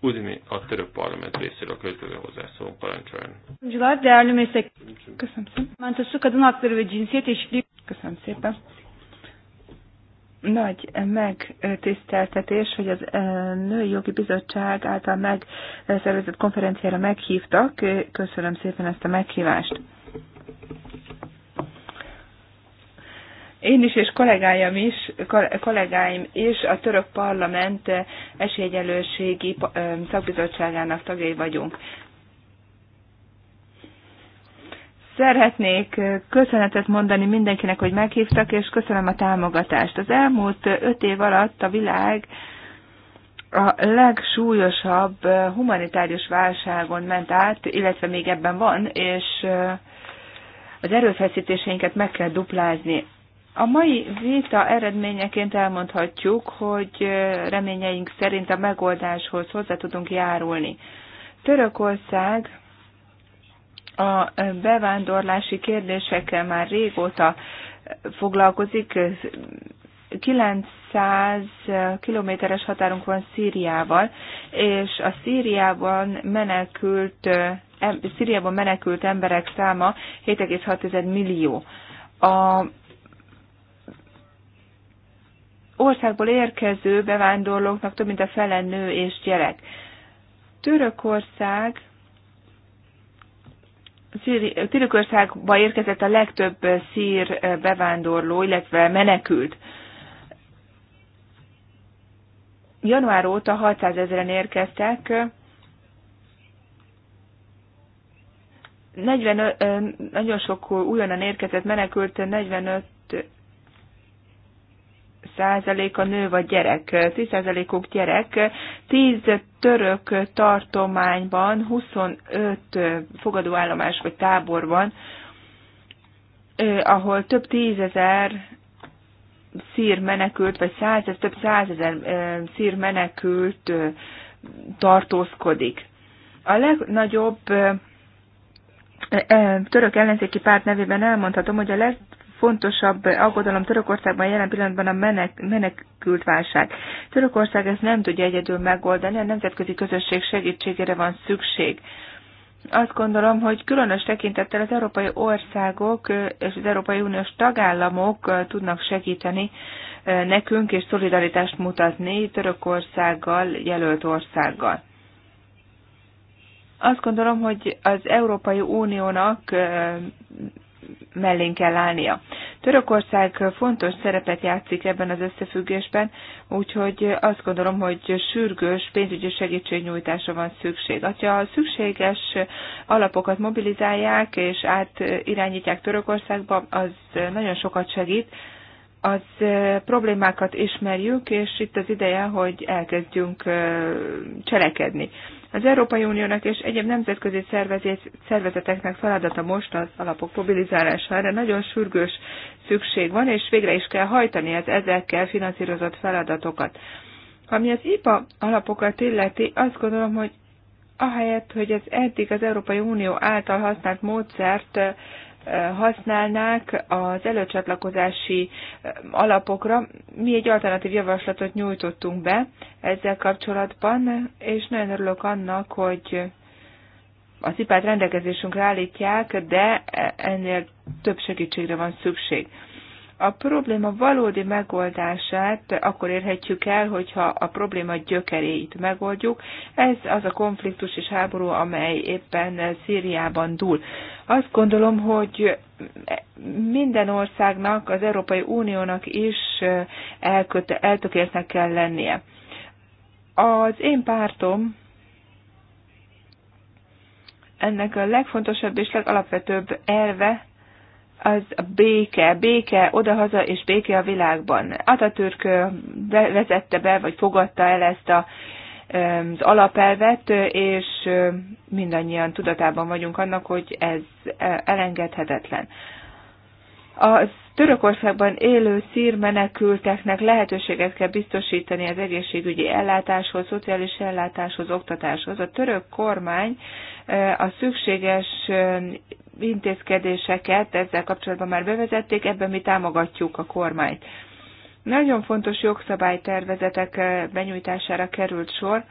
Speaker 1: Udini a török parlament részéről a következő hozzászólunk parancsoljon.
Speaker 4: Köszönöm szépen. Köszönöm szépen. Nagy megtiszteltetés, hogy az e, Női Jogi Bizottság által megszervezett konferenciára meghívtak. Köszönöm szépen ezt a meghívást. én is és kollégáim is, kollégáim is a török parlament esélyegyelőségi szakbizottságának tagjai vagyunk. Szeretnék köszönetet mondani mindenkinek, hogy meghívtak, és köszönöm a támogatást. Az elmúlt öt év alatt a világ a legsúlyosabb humanitárius válságon ment át, illetve még ebben van, és az erőfeszítéseinket meg kell duplázni. A mai vita eredményeként elmondhatjuk, hogy reményeink szerint a megoldáshoz hozzá tudunk járulni. Törökország a bevándorlási kérdésekkel már régóta foglalkozik. 900 kilométeres határunk van Szíriával, és a Szíriában menekült, Szíriában menekült emberek száma 7,6 millió. A országból érkező bevándorlóknak több mint a fele nő és gyerek. Törökország Törökországba érkezett a legtöbb szír bevándorló, illetve menekült. Január óta 600 ezeren érkeztek, 40, nagyon sok újonnan érkezett menekült, 45 10%-a nő vagy gyerek, 10%-uk gyerek, 10 török tartományban 25 fogadóállomás vagy tábor van, ahol több tízezer szír menekült, vagy százezer, több százezer szír menekült tartózkodik. A legnagyobb török ellenzéki párt nevében elmondhatom, hogy a legfontosabb aggodalom Törökországban jelen pillanatban a menek, menekült válság. Törökország ezt nem tudja egyedül megoldani, a nemzetközi közösség segítségére van szükség. Azt gondolom, hogy különös tekintettel az európai országok és az Európai Uniós tagállamok tudnak segíteni eh, nekünk és szolidaritást mutatni Törökországgal, jelölt országgal. Azt gondolom, hogy az Európai Uniónak eh, mellén kell állnia. Törökország fontos szerepet játszik ebben az összefüggésben, úgyhogy azt gondolom, hogy sürgős pénzügyi segítségnyújtásra van szükség. Ha a szükséges alapokat mobilizálják és átirányítják Törökországba, az nagyon sokat segít, az problémákat ismerjük, és itt az ideje, hogy elkezdjünk cselekedni. Az Európai Uniónak és egyéb nemzetközi szervezeteknek feladata most az alapok mobilizálására. nagyon sürgős szükség van, és végre is kell hajtani az ezekkel finanszírozott feladatokat. Ami az IPA alapokat illeti, azt gondolom, hogy ahelyett, hogy ez eddig az Európai Unió által használt módszert használnák az előcsatlakozási alapokra. Mi egy alternatív javaslatot nyújtottunk be ezzel kapcsolatban, és nagyon örülök annak, hogy a cipát rendelkezésünkre állítják, de e-, ennél több segítségre van szükség. A probléma valódi megoldását akkor érhetjük el, hogyha a probléma gyökeréit megoldjuk. Ez az a konfliktus és háború, amely éppen Szíriában dúl. Azt gondolom, hogy minden országnak, az Európai Uniónak is elköte, eltökéltnek kell lennie. Az én pártom ennek a legfontosabb és legalapvetőbb elve az a béke, béke odahaza és béke a világban. Atatürk vezette be, vagy fogadta el ezt a, az alapelvet, és mindannyian tudatában vagyunk annak, hogy ez elengedhetetlen. Az Törökországban élő szír menekülteknek lehetőséget kell biztosítani az egészségügyi ellátáshoz, szociális ellátáshoz, oktatáshoz. A török kormány a szükséges intézkedéseket ezzel kapcsolatban már bevezették, ebben mi támogatjuk a kormányt. Nagyon fontos jogszabálytervezetek eh, benyújtására került sor,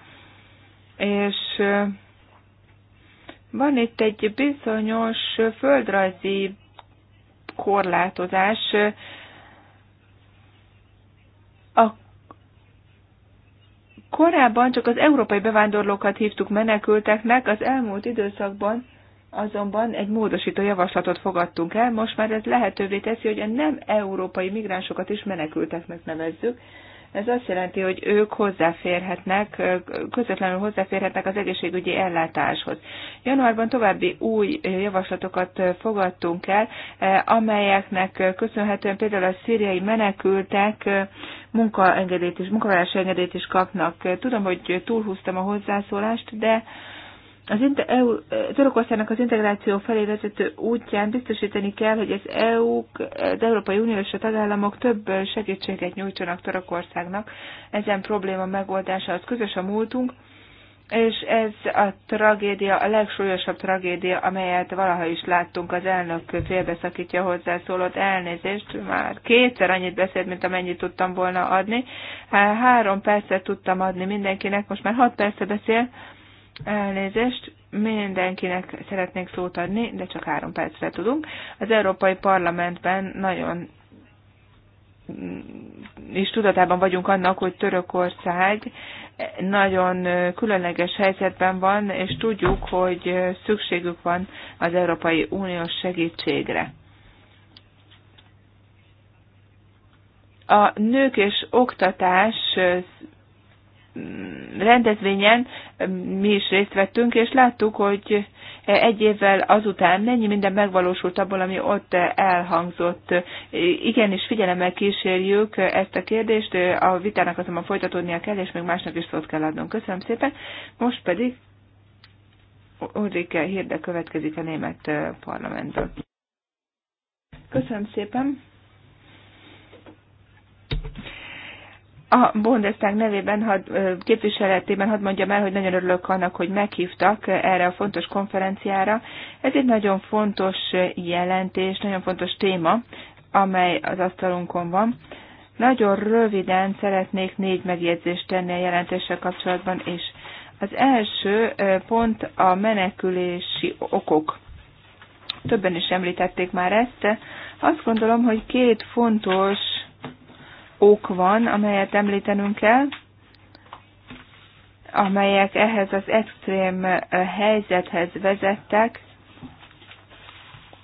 Speaker 4: és eh, van itt egy bizonyos földrajzi korlátozás, eh, a korábban csak az európai bevándorlókat hívtuk menekülteknek, az elmúlt időszakban azonban egy módosító javaslatot fogadtunk el, most már ez lehetővé teszi, hogy a nem európai migránsokat is menekülteknek nevezzük. Ez azt jelenti, hogy ők hozzáférhetnek, közvetlenül hozzáférhetnek az egészségügyi ellátáshoz. Januárban további új javaslatokat fogadtunk el, amelyeknek köszönhetően például a szíriai menekültek munkaengedélyt is, munkavállalási engedélyt is kapnak. Tudom, hogy túlhúztam a hozzászólást, de az EU, Törökországnak az integráció felé vezető útján biztosítani kell, hogy az EU, az Európai Unió és a tagállamok több segítséget nyújtsanak Törökországnak. Ezen probléma megoldása az közös a múltunk, és ez a tragédia, a legsúlyosabb tragédia, amelyet valaha is láttunk, az elnök félbeszakítja hozzászólott elnézést, már kétszer annyit beszélt, mint amennyit tudtam volna adni. Három percet tudtam adni mindenkinek, most már hat percet beszél, Elnézést, mindenkinek szeretnék szót adni, de csak három percre tudunk. Az Európai Parlamentben nagyon is tudatában vagyunk annak, hogy Törökország nagyon különleges helyzetben van, és tudjuk, hogy szükségük van az Európai Uniós segítségre. A nők és oktatás rendezvényen mi is részt vettünk, és láttuk, hogy egy évvel azután mennyi minden megvalósult abból, ami ott elhangzott. Igenis figyelemmel kísérjük ezt a kérdést, a vitának azonban folytatódnia kell, és még másnak is szót kell adnunk. Köszönöm szépen. Most pedig Ulrike Hirde következik a német parlamentből. Köszönöm szépen a Bundestag nevében, had, képviseletében hadd mondjam el, hogy nagyon örülök annak, hogy meghívtak erre a fontos konferenciára. Ez egy nagyon fontos jelentés, nagyon fontos téma, amely az asztalunkon van. Nagyon röviden szeretnék négy megjegyzést tenni a jelentéssel kapcsolatban is. Az első pont a menekülési okok. Többen is említették már ezt. Azt gondolom, hogy két fontos ok van, amelyet említenünk kell, amelyek ehhez az extrém eh, helyzethez vezettek,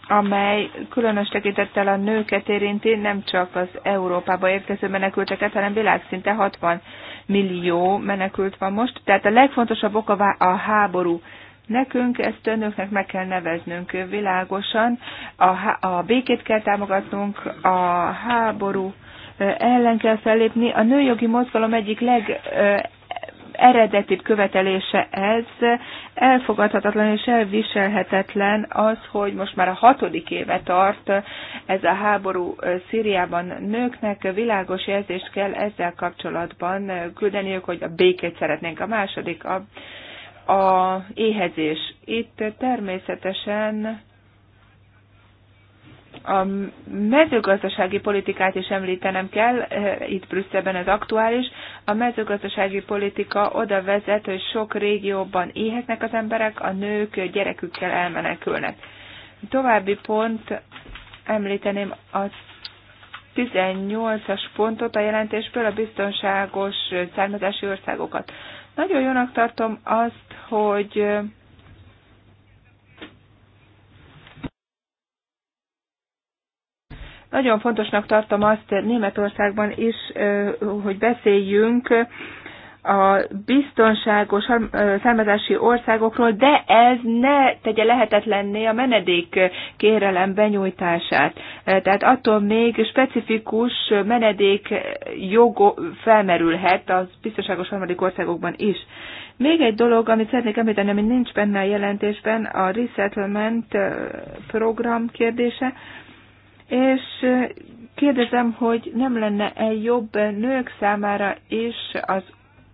Speaker 4: amely különös tekintettel a nőket érinti, nem csak az Európába érkező menekülteket, hanem világszinte 60 millió menekült van most. Tehát a legfontosabb ok a háború. Nekünk ezt önöknek meg kell neveznünk világosan. A, a békét kell támogatnunk, a háború ellen kell fellépni. A nőjogi mozgalom egyik leg eredetibb követelése ez. Elfogadhatatlan és elviselhetetlen az, hogy most már a hatodik éve tart ez a háború Szíriában nőknek. Világos jelzést kell ezzel kapcsolatban küldeniük, hogy a békét szeretnénk. A második a, a éhezés. Itt természetesen a mezőgazdasági politikát is említenem kell, eh, itt Brüsszelben ez aktuális. A mezőgazdasági politika oda vezet, hogy sok régióban éheznek az emberek, a nők gyerekükkel elmenekülnek. További pont, említeném a 18-as pontot a jelentésből, a biztonságos származási országokat. Nagyon jónak tartom azt, hogy Nagyon fontosnak tartom azt Németországban is, hogy beszéljünk a biztonságos származási országokról, de ez ne tegye lehetetlenné a menedék kérelem benyújtását. Tehát attól még specifikus menedék jogo felmerülhet az biztonságos harmadik országokban is. Még egy dolog, amit szeretnék említeni, ami nincs benne a jelentésben, a resettlement program kérdése és kérdezem, hogy nem lenne-e jobb nők számára is az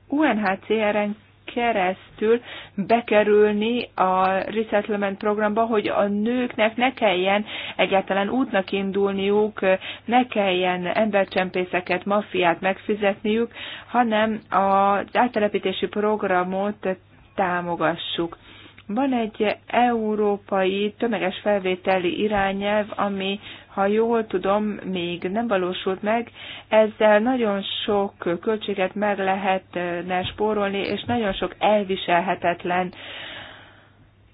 Speaker 4: UNHCR-en keresztül bekerülni a resettlement programba, hogy a nőknek ne kelljen egyáltalán útnak indulniuk, ne kelljen embercsempészeket, maffiát megfizetniük, hanem az áttelepítési programot támogassuk. Van egy európai tömeges felvételi irányelv, ami ha jól tudom, még nem valósult meg. Ezzel nagyon sok költséget meg lehetne spórolni, és nagyon sok elviselhetetlen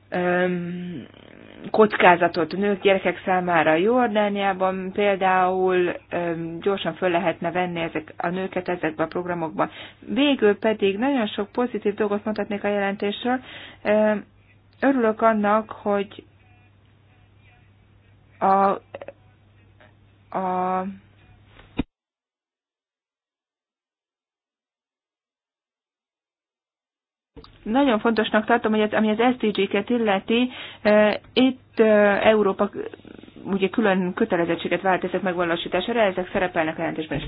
Speaker 4: öm, kockázatot nők, gyerekek számára. Jordániában például öm, gyorsan föl lehetne venni ezek, a nőket ezekbe a programokban. Végül pedig nagyon sok pozitív dolgot mondhatnék a jelentésről. Öm, örülök annak, hogy a a nagyon fontosnak tartom, hogy az, ami az SDG-ket illeti, e, itt e, Európa e, ugye külön kötelezettséget vált ezek megvalósítására, ezek szerepelnek a jelentésben is.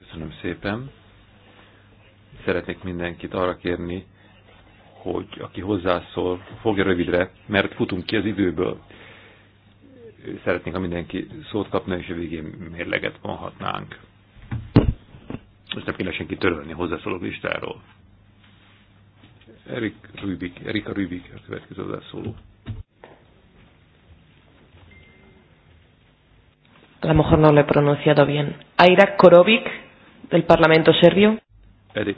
Speaker 2: Köszönöm szépen. Szeretnék mindenkit arra kérni, hogy aki hozzászól, fogja rövidre, mert futunk ki az időből szeretnénk, ha mindenki szót kapna, és a végén mérleget vonhatnánk. Ezt nem kéne senki törölni a hozzászóló listáról. Erik Rübik, Erika Rübik a következő hozzászóló.
Speaker 3: A lo mejor no lo he pronunciado bien. Aira Korovic, del Parlamento Serbio.
Speaker 2: Erik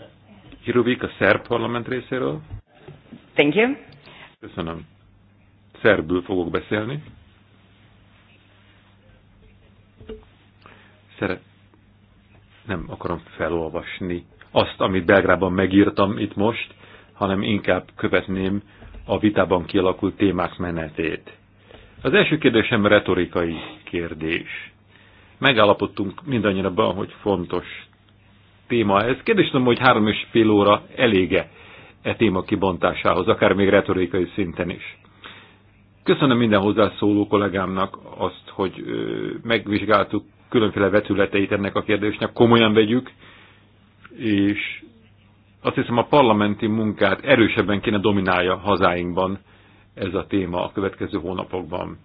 Speaker 2: Rübik a szerb parlament részéről. Thank you. Köszönöm. Szerbül fogok beszélni. Szeret... Nem akarom felolvasni azt, amit Belgrában megírtam itt most, hanem inkább követném a vitában kialakult témák menetét. Az első kérdésem retorikai kérdés. Megállapodtunk mindannyian abban, hogy fontos téma ez. Kérdésem, hogy három és fél óra elége e téma kibontásához, akár még retorikai szinten is. Köszönöm minden hozzászóló kollégámnak azt, hogy megvizsgáltuk különféle vetületeit ennek a kérdésnek komolyan vegyük, és azt hiszem a parlamenti munkát erősebben kéne dominálja hazáinkban ez a téma a következő hónapokban.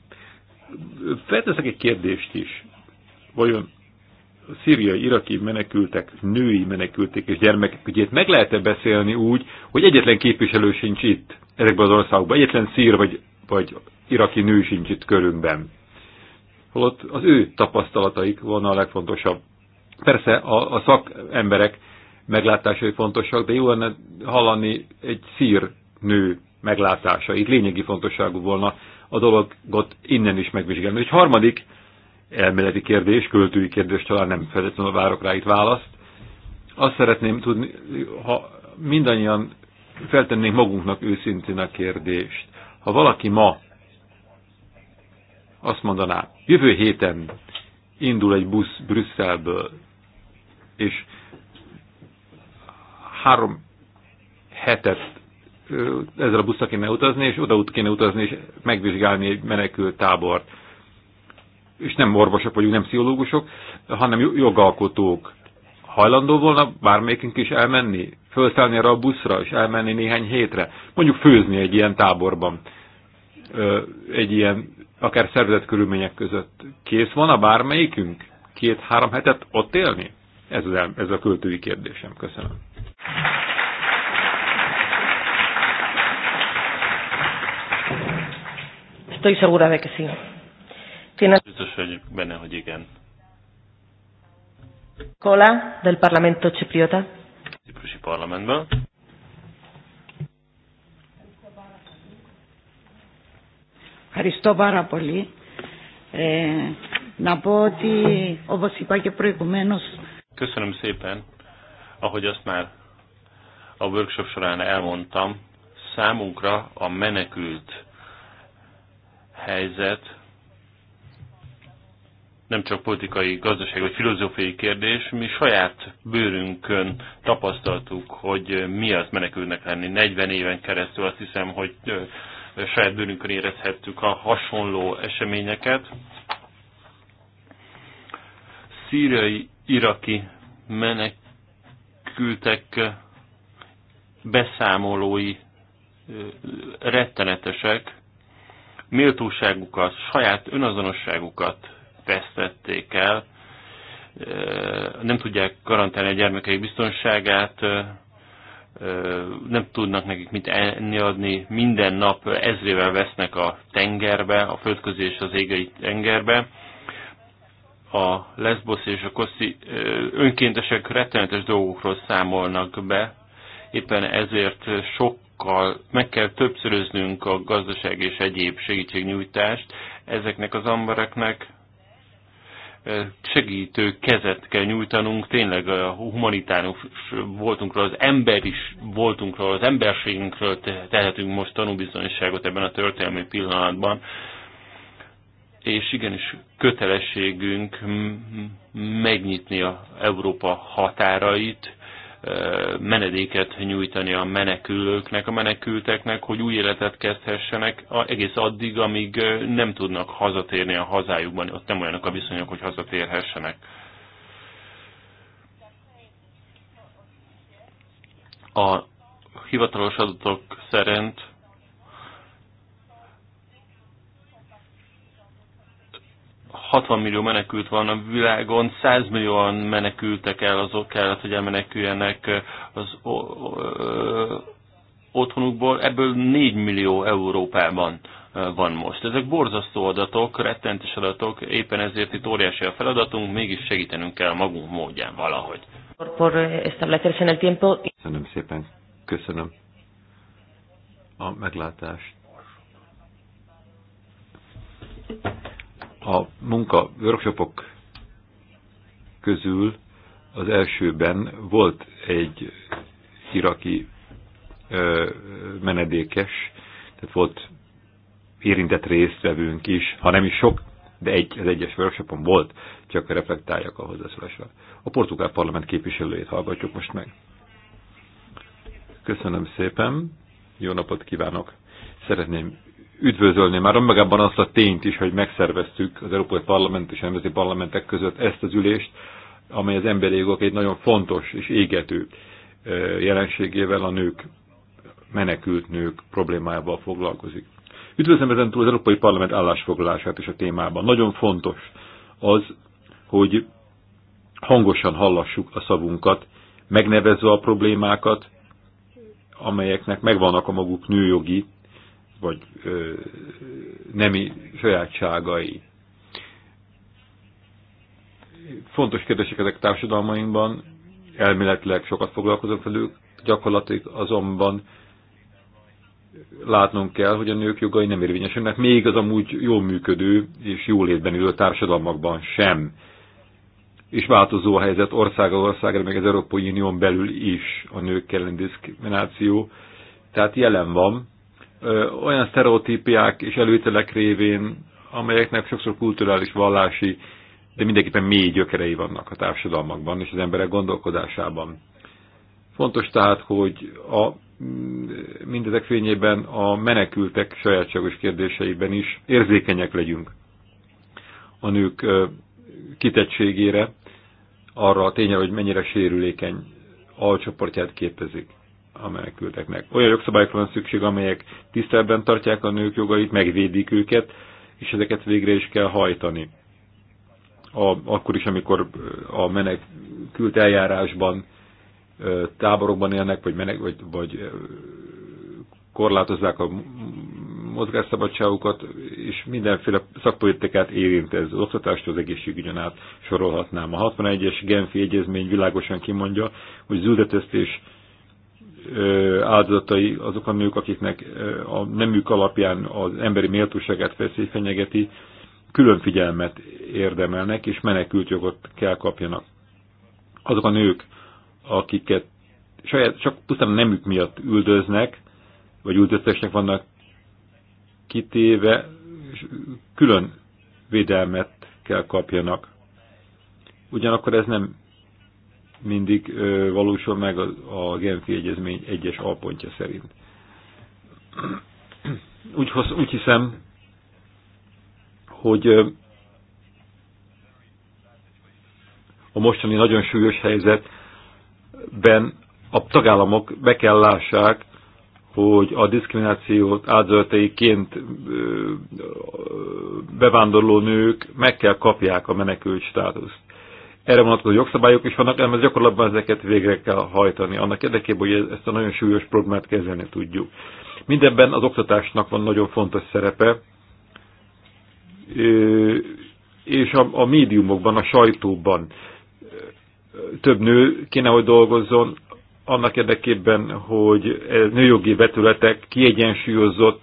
Speaker 2: Felteszek egy kérdést is. Vajon a szíriai, iraki menekültek, női menekültek és gyermekek ügyét meg lehet-e beszélni úgy, hogy egyetlen képviselő sincs itt ezekben az országokban, egyetlen szír vagy, vagy iraki nő sincs itt körünkben? holott az ő tapasztalataik volna a legfontosabb. Persze a, a szakemberek meglátásai fontosak, de jó lenne hallani egy szír nő meglátásait. Lényegi fontosságú volna a dologot innen is megvizsgálni. Egy harmadik elméleti kérdés, költői kérdés, talán nem feltétlenül várok rá itt választ. Azt szeretném tudni, ha mindannyian feltennénk magunknak őszintén a kérdést. Ha valaki ma azt mondaná, jövő héten indul egy busz Brüsszelből, és három hetet ezzel a busszal kéne utazni, és oda kéne utazni, és megvizsgálni egy menekült tábort. És nem orvosok vagyunk, nem pszichológusok, hanem jogalkotók. Hajlandó volna bármelyikünk is elmenni, felszállni erre a buszra, és elmenni néhány hétre, mondjuk főzni egy ilyen táborban, egy ilyen akár szervezett körülmények között. Kész van a bármelyikünk két-három hetet ott élni? Ez, az, ez a költői kérdésem. Köszönöm.
Speaker 3: Estoy segura de que sí.
Speaker 1: Tienes... Biztos vagyok benne, hogy igen. Kola
Speaker 3: del Parlamento Cipriota.
Speaker 1: Ciprusi parlamentben.
Speaker 3: Ευχαριστώ πάρα πολύ. Ε, να πω ότι, όπως είπα και προηγουμένως...
Speaker 1: Köszönöm szépen, ahogy azt már a workshop során elmondtam, számunkra a menekült helyzet nem csak politikai, gazdasági vagy filozófiai kérdés, mi saját bőrünkön tapasztaltuk, hogy mi az menekülnek lenni. 40 éven keresztül azt hiszem, hogy saját bőrünkön érezhettük a hasonló eseményeket. Szíriai, iraki menekültek beszámolói rettenetesek, méltóságukat, saját önazonosságukat vesztették el, nem tudják garantálni a gyermekeik biztonságát, nem tudnak nekik mit enni adni, minden nap ezrével vesznek a tengerbe, a földközi és az égei tengerbe. A Lesbos és a Koszi önkéntesek rettenetes dolgokról számolnak be, éppen ezért sokkal meg kell többszöröznünk a gazdaság és egyéb segítségnyújtást ezeknek az embereknek, segítő kezet kell nyújtanunk, tényleg a humanitárius voltunkról, az ember is voltunkról, az emberségünkről tehetünk most tanúbizonyságot ebben a történelmi pillanatban, és igenis kötelességünk megnyitni a Európa határait, menedéket nyújtani a menekülőknek, a menekülteknek, hogy új életet kezdhessenek egész addig, amíg nem tudnak hazatérni a hazájukban, ott nem olyanok a viszonyok, hogy hazatérhessenek. A hivatalos adatok szerint 60 millió menekült van a világon, 100 millióan menekültek el, azok kellett, hogy elmeneküljenek az otthonukból, ebből 4 millió Európában van most. Ezek borzasztó adatok, rettentes adatok, éppen ezért itt óriási a feladatunk, mégis segítenünk kell magunk módján valahogy.
Speaker 3: Eh,
Speaker 2: köszönöm szépen, köszönöm a meglátást. A munka workshopok közül az elsőben volt egy iraki ö, menedékes, tehát volt érintett résztvevőnk is, ha nem is sok, de egy, az egyes workshopon volt, csak reflektáljak a hozzászólásra. A portugál parlament képviselőjét hallgatjuk most meg. Köszönöm szépen, jó napot kívánok! Szeretném üdvözölni. már önmagában azt a tényt is, hogy megszerveztük az Európai Parlament és Nemzeti Parlamentek között ezt az ülést, amely az emberi jogok egy nagyon fontos és égető jelenségével a nők, menekült nők problémájával foglalkozik. Üdvözlöm ezen túl az Európai Parlament állásfoglalását is a témában. Nagyon fontos az, hogy hangosan hallassuk a szavunkat, megnevezve a problémákat, amelyeknek megvannak a maguk nőjogi vagy ö, nemi sajátságai. Fontos kérdések ezek társadalmainkban, elméletileg sokat foglalkozom velük, gyakorlatilag azonban látnunk kell, hogy a nők jogai nem érvényesülnek, még az amúgy jól működő és jól életben ülő társadalmakban sem. És változó a helyzet országa országra, meg az Európai Unión belül is a nők ellen diszkrimináció. Tehát jelen van, olyan sztereotípiák és előtelek révén, amelyeknek sokszor kulturális, vallási, de mindenképpen mély gyökerei vannak a társadalmakban és az emberek gondolkodásában. Fontos tehát, hogy a, mindezek fényében a menekültek sajátságos kérdéseiben is érzékenyek legyünk a nők kitettségére, arra a tényre, hogy mennyire sérülékeny alcsoportját képezik a menekülteknek. Olyan jogszabályokra van szükség, amelyek tisztelben tartják a nők jogait, megvédik őket, és ezeket végre is kell hajtani. A, akkor is, amikor a menekült eljárásban táborokban élnek, vagy, menek, vagy, vagy korlátozzák a mozgásszabadságukat, és mindenféle szakpolitikát érint ez, az oktatást, az egészségügyen át sorolhatnám. A 61-es Genfi Egyezmény világosan kimondja, hogy züldetöztés áldozatai azok a nők, akiknek a nemük alapján az emberi méltóságát veszély fenyegeti, külön figyelmet érdemelnek, és menekült jogot kell kapjanak. Azok a nők, akiket saját, csak pusztán nemük miatt üldöznek, vagy üldöztesnek vannak kitéve, külön védelmet kell kapjanak. Ugyanakkor ez nem mindig valósul meg a, a Genfi Egyezmény egyes alpontja szerint. Úgy, úgy hiszem, hogy a mostani nagyon súlyos helyzetben a tagállamok be kell lássák, hogy a diszkriminációt áldozataiként bevándorló nők meg kell kapják a menekült státuszt erre vonatkozó jogszabályok is vannak, ez gyakorlatban ezeket végre kell hajtani. Annak érdekében, hogy ezt a nagyon súlyos problémát kezelni tudjuk. Mindebben az oktatásnak van nagyon fontos szerepe, és a, a médiumokban, a sajtóban több nő kéne, hogy dolgozzon, annak érdekében, hogy e nőjogi vetületek kiegyensúlyozott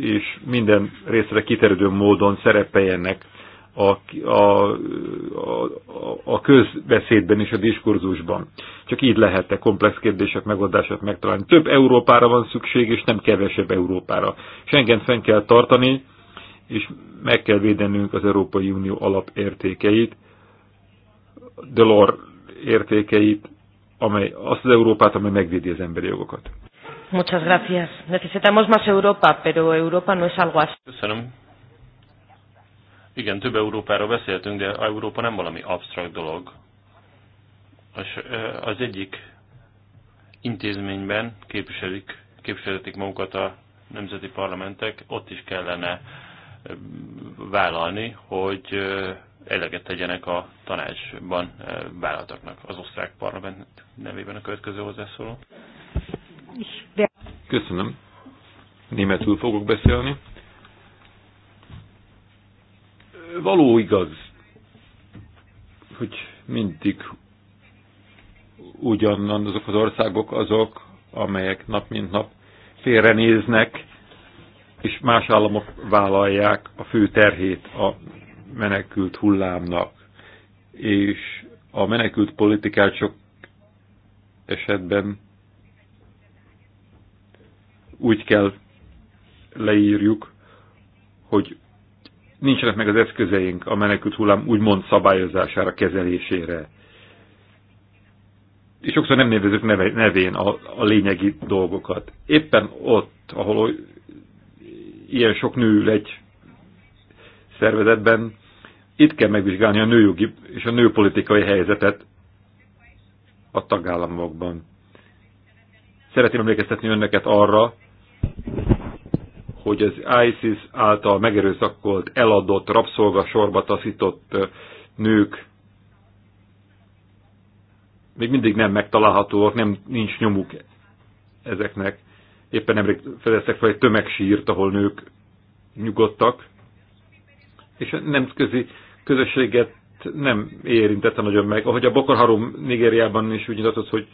Speaker 2: és minden részre kiterjedő módon szerepeljenek a, a, a, a közbeszédben és a diskurzusban. Csak így lehet-e komplex kérdések megoldását megtalálni. Több Európára van szükség, és nem kevesebb Európára. Schengen fenn kell tartani, és meg kell védenünk az Európai Unió alapértékeit, Delor értékeit, amely, azt az Európát, amely megvédi az emberi jogokat.
Speaker 3: Muchas gracias. Necesitamos más Europa, pero Europa no
Speaker 1: es algo así. Köszönöm. Igen, több Európára beszéltünk, de Európa nem valami absztrakt dolog. Az, az egyik intézményben képviselik, képviselhetik magukat a nemzeti parlamentek, ott is kellene vállalni, hogy eleget tegyenek a tanácsban vállaltaknak az osztrák parlament nevében a következő hozzászóló.
Speaker 2: Köszönöm. Németül fogok beszélni való igaz, hogy mindig ugyannan azok az országok azok, amelyek nap mint nap félrenéznek, és más államok vállalják a fő terhét a menekült hullámnak. És a menekült politikát sok esetben úgy kell leírjuk, hogy nincsenek meg az eszközeink a menekült hullám úgymond szabályozására, kezelésére. És sokszor nem nevezük nevén a, a lényegi dolgokat. Éppen ott, ahol ilyen sok nő ül egy szervezetben, itt kell megvizsgálni a nőjogi és a nőpolitikai helyzetet a tagállamokban. Szeretném emlékeztetni önneket arra, hogy az ISIS által megerőszakolt, eladott, rabszolgasorba taszított nők még mindig nem megtalálhatóak, nem, nincs nyomuk ezeknek. Éppen nemrég fedeztek fel egy tömegsírt, ahol nők nyugodtak, és a nemzközi közösséget nem érintette nagyon meg. Ahogy a Bokor Harum Nigériában is úgy nyitott, hogy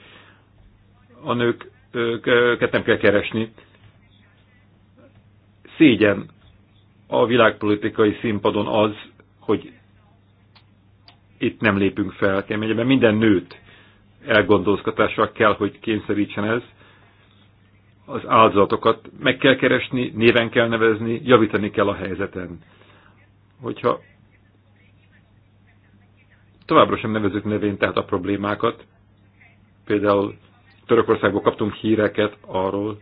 Speaker 2: a nőket nem kell keresni, szégyen a világpolitikai színpadon az, hogy itt nem lépünk fel keményebben. Minden nőt elgondolkodásra kell, hogy kényszerítsen ez. Az áldozatokat meg kell keresni, néven kell nevezni, javítani kell a helyzeten. Hogyha továbbra sem nevezük nevén tehát a problémákat, például Törökországból kaptunk híreket arról,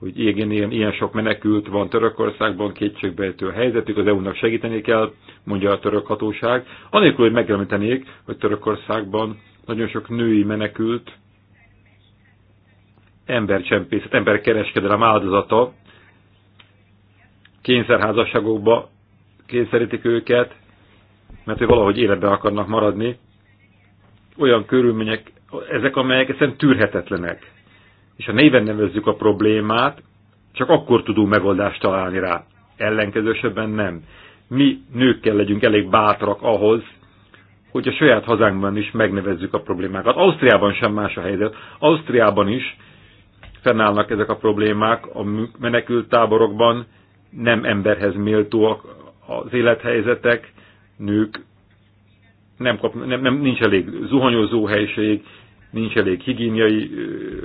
Speaker 2: hogy igen, ilyen, ilyen sok menekült van Törökországban, kétségbejtő a helyzetük, az EU-nak segíteni kell, mondja a török hatóság. Anélkül, hogy megjelentenék, hogy Törökországban nagyon sok női menekült embercsempészet, emberkereskedelem áldozata, kényszerházasságokba kényszerítik őket, mert hogy valahogy életben akarnak maradni. Olyan körülmények, ezek amelyek egyszerűen tűrhetetlenek és ha néven nevezzük a problémát, csak akkor tudunk megoldást találni rá. Ellenkezősebben nem. Mi nőkkel legyünk elég bátrak ahhoz, hogy a saját hazánkban is megnevezzük a problémákat. Ausztriában sem más a helyzet. Ausztriában is fennállnak ezek a problémák, a menekült táborokban nem emberhez méltóak az élethelyzetek, nők, nem kap, nem, nem, nincs elég zuhanyozó helység, nincs elég higiéniai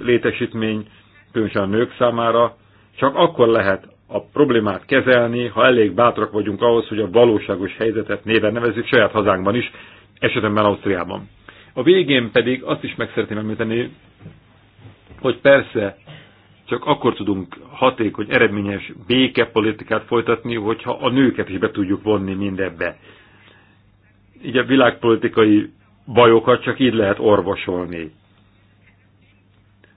Speaker 2: létesítmény, különösen a nők számára, csak akkor lehet a problémát kezelni, ha elég bátrak vagyunk ahhoz, hogy a valóságos helyzetet néven nevezzük saját hazánkban is, esetemben Ausztriában. A végén pedig azt is meg szeretném említeni, hogy persze csak akkor tudunk hatékony, eredményes békepolitikát folytatni, hogyha a nőket is be tudjuk vonni mindebbe. Így a világpolitikai bajokat csak így lehet orvosolni.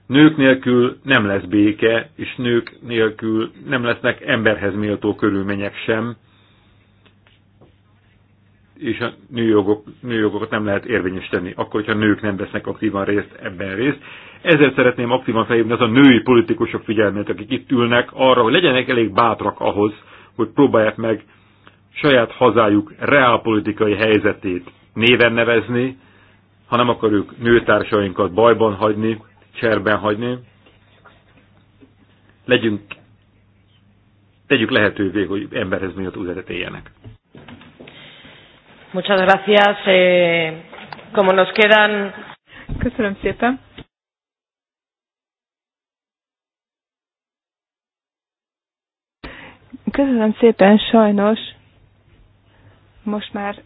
Speaker 2: Nők nélkül nem lesz béke, és nők nélkül nem lesznek emberhez méltó körülmények sem, és a nőjogok, nőjogokat nem lehet érvényesíteni, akkor, hogyha nők nem vesznek aktívan részt ebben részt. Ezért szeretném aktívan felhívni az a női politikusok figyelmét, akik itt ülnek, arra, hogy legyenek elég bátrak ahhoz, hogy próbálják meg saját hazájuk reálpolitikai helyzetét néven nevezni, ha nem akarjuk nőtársainkat bajban hagyni, cserben hagyni, legyünk, tegyük lehetővé, hogy emberhez méltó üzletet éljenek.
Speaker 3: Muchas gracias. Eh, como nos quedan... Köszönöm szépen.
Speaker 4: Köszönöm szépen, sajnos most már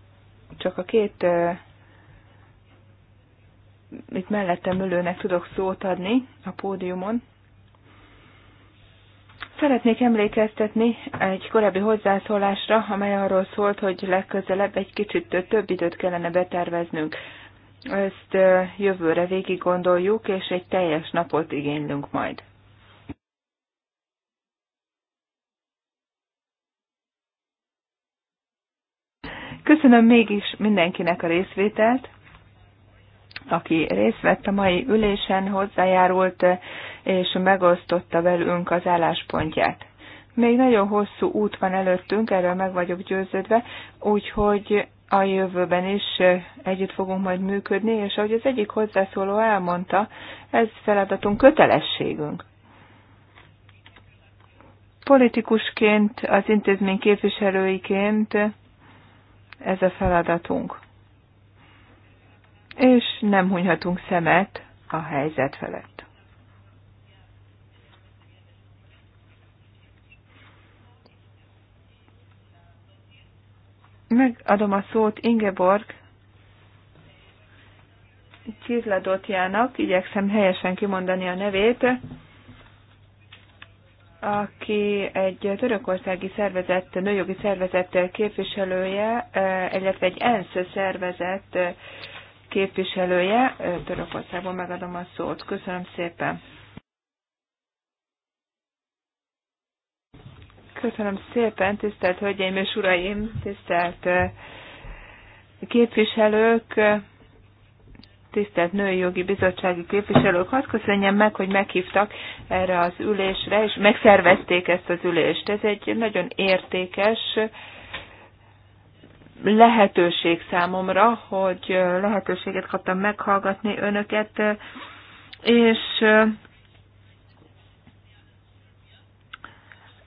Speaker 4: csak a két itt mellettem ülőnek tudok szót adni a pódiumon. Szeretnék emlékeztetni egy korábbi hozzászólásra, amely arról szólt, hogy legközelebb egy kicsit több időt kellene beterveznünk. Ezt jövőre végig gondoljuk, és egy teljes napot igénylünk majd. Köszönöm mégis mindenkinek a részvételt, aki részt vett a mai ülésen, hozzájárult és megosztotta velünk az álláspontját. Még nagyon hosszú út van előttünk, erről meg vagyok győződve, úgyhogy a jövőben is együtt fogunk majd működni, és ahogy az egyik hozzászóló elmondta, ez feladatunk, kötelességünk. Politikusként, az intézmény képviselőiként ez a feladatunk. És nem hunyhatunk szemet a helyzet felett. Megadom a szót Ingeborg Csizladotjának, igyekszem helyesen kimondani a nevét aki egy törökországi szervezet, nőjogi szervezet képviselője, illetve egy ENSZ szervezet képviselője. Törökországban megadom a szót. Köszönöm szépen. Köszönöm szépen, tisztelt Hölgyeim és Uraim, tisztelt képviselők tisztelt Női Jogi Bizottsági képviselők, hadd köszönjem meg, hogy meghívtak erre az ülésre, és megszervezték ezt az ülést. Ez egy nagyon értékes lehetőség számomra, hogy lehetőséget kaptam meghallgatni önöket, és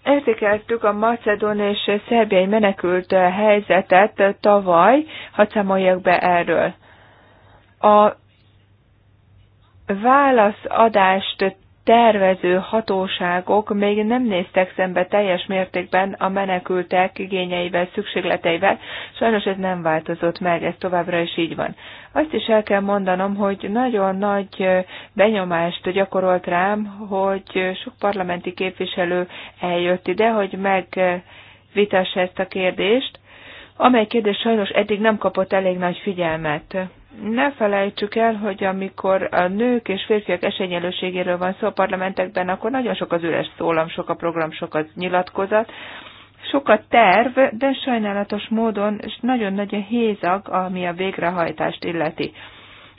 Speaker 4: Értékeltük a macedon és szerbiai menekült helyzetet tavaly, ha számoljak be erről. A válaszadást tervező hatóságok még nem néztek szembe teljes mértékben a menekültek igényeivel, szükségleteivel. Sajnos ez nem változott meg, ez továbbra is így van. Azt is el kell mondanom, hogy nagyon nagy benyomást gyakorolt rám, hogy sok parlamenti képviselő eljött ide, hogy megvitassa ezt a kérdést, amely kérdés sajnos eddig nem kapott elég nagy figyelmet ne felejtsük el, hogy amikor a nők és férfiak esélyelőségéről van szó a parlamentekben, akkor nagyon sok az üres szólam, sok a program, sok az nyilatkozat, sok a terv, de sajnálatos módon és nagyon nagy a hézag, ami a végrehajtást illeti.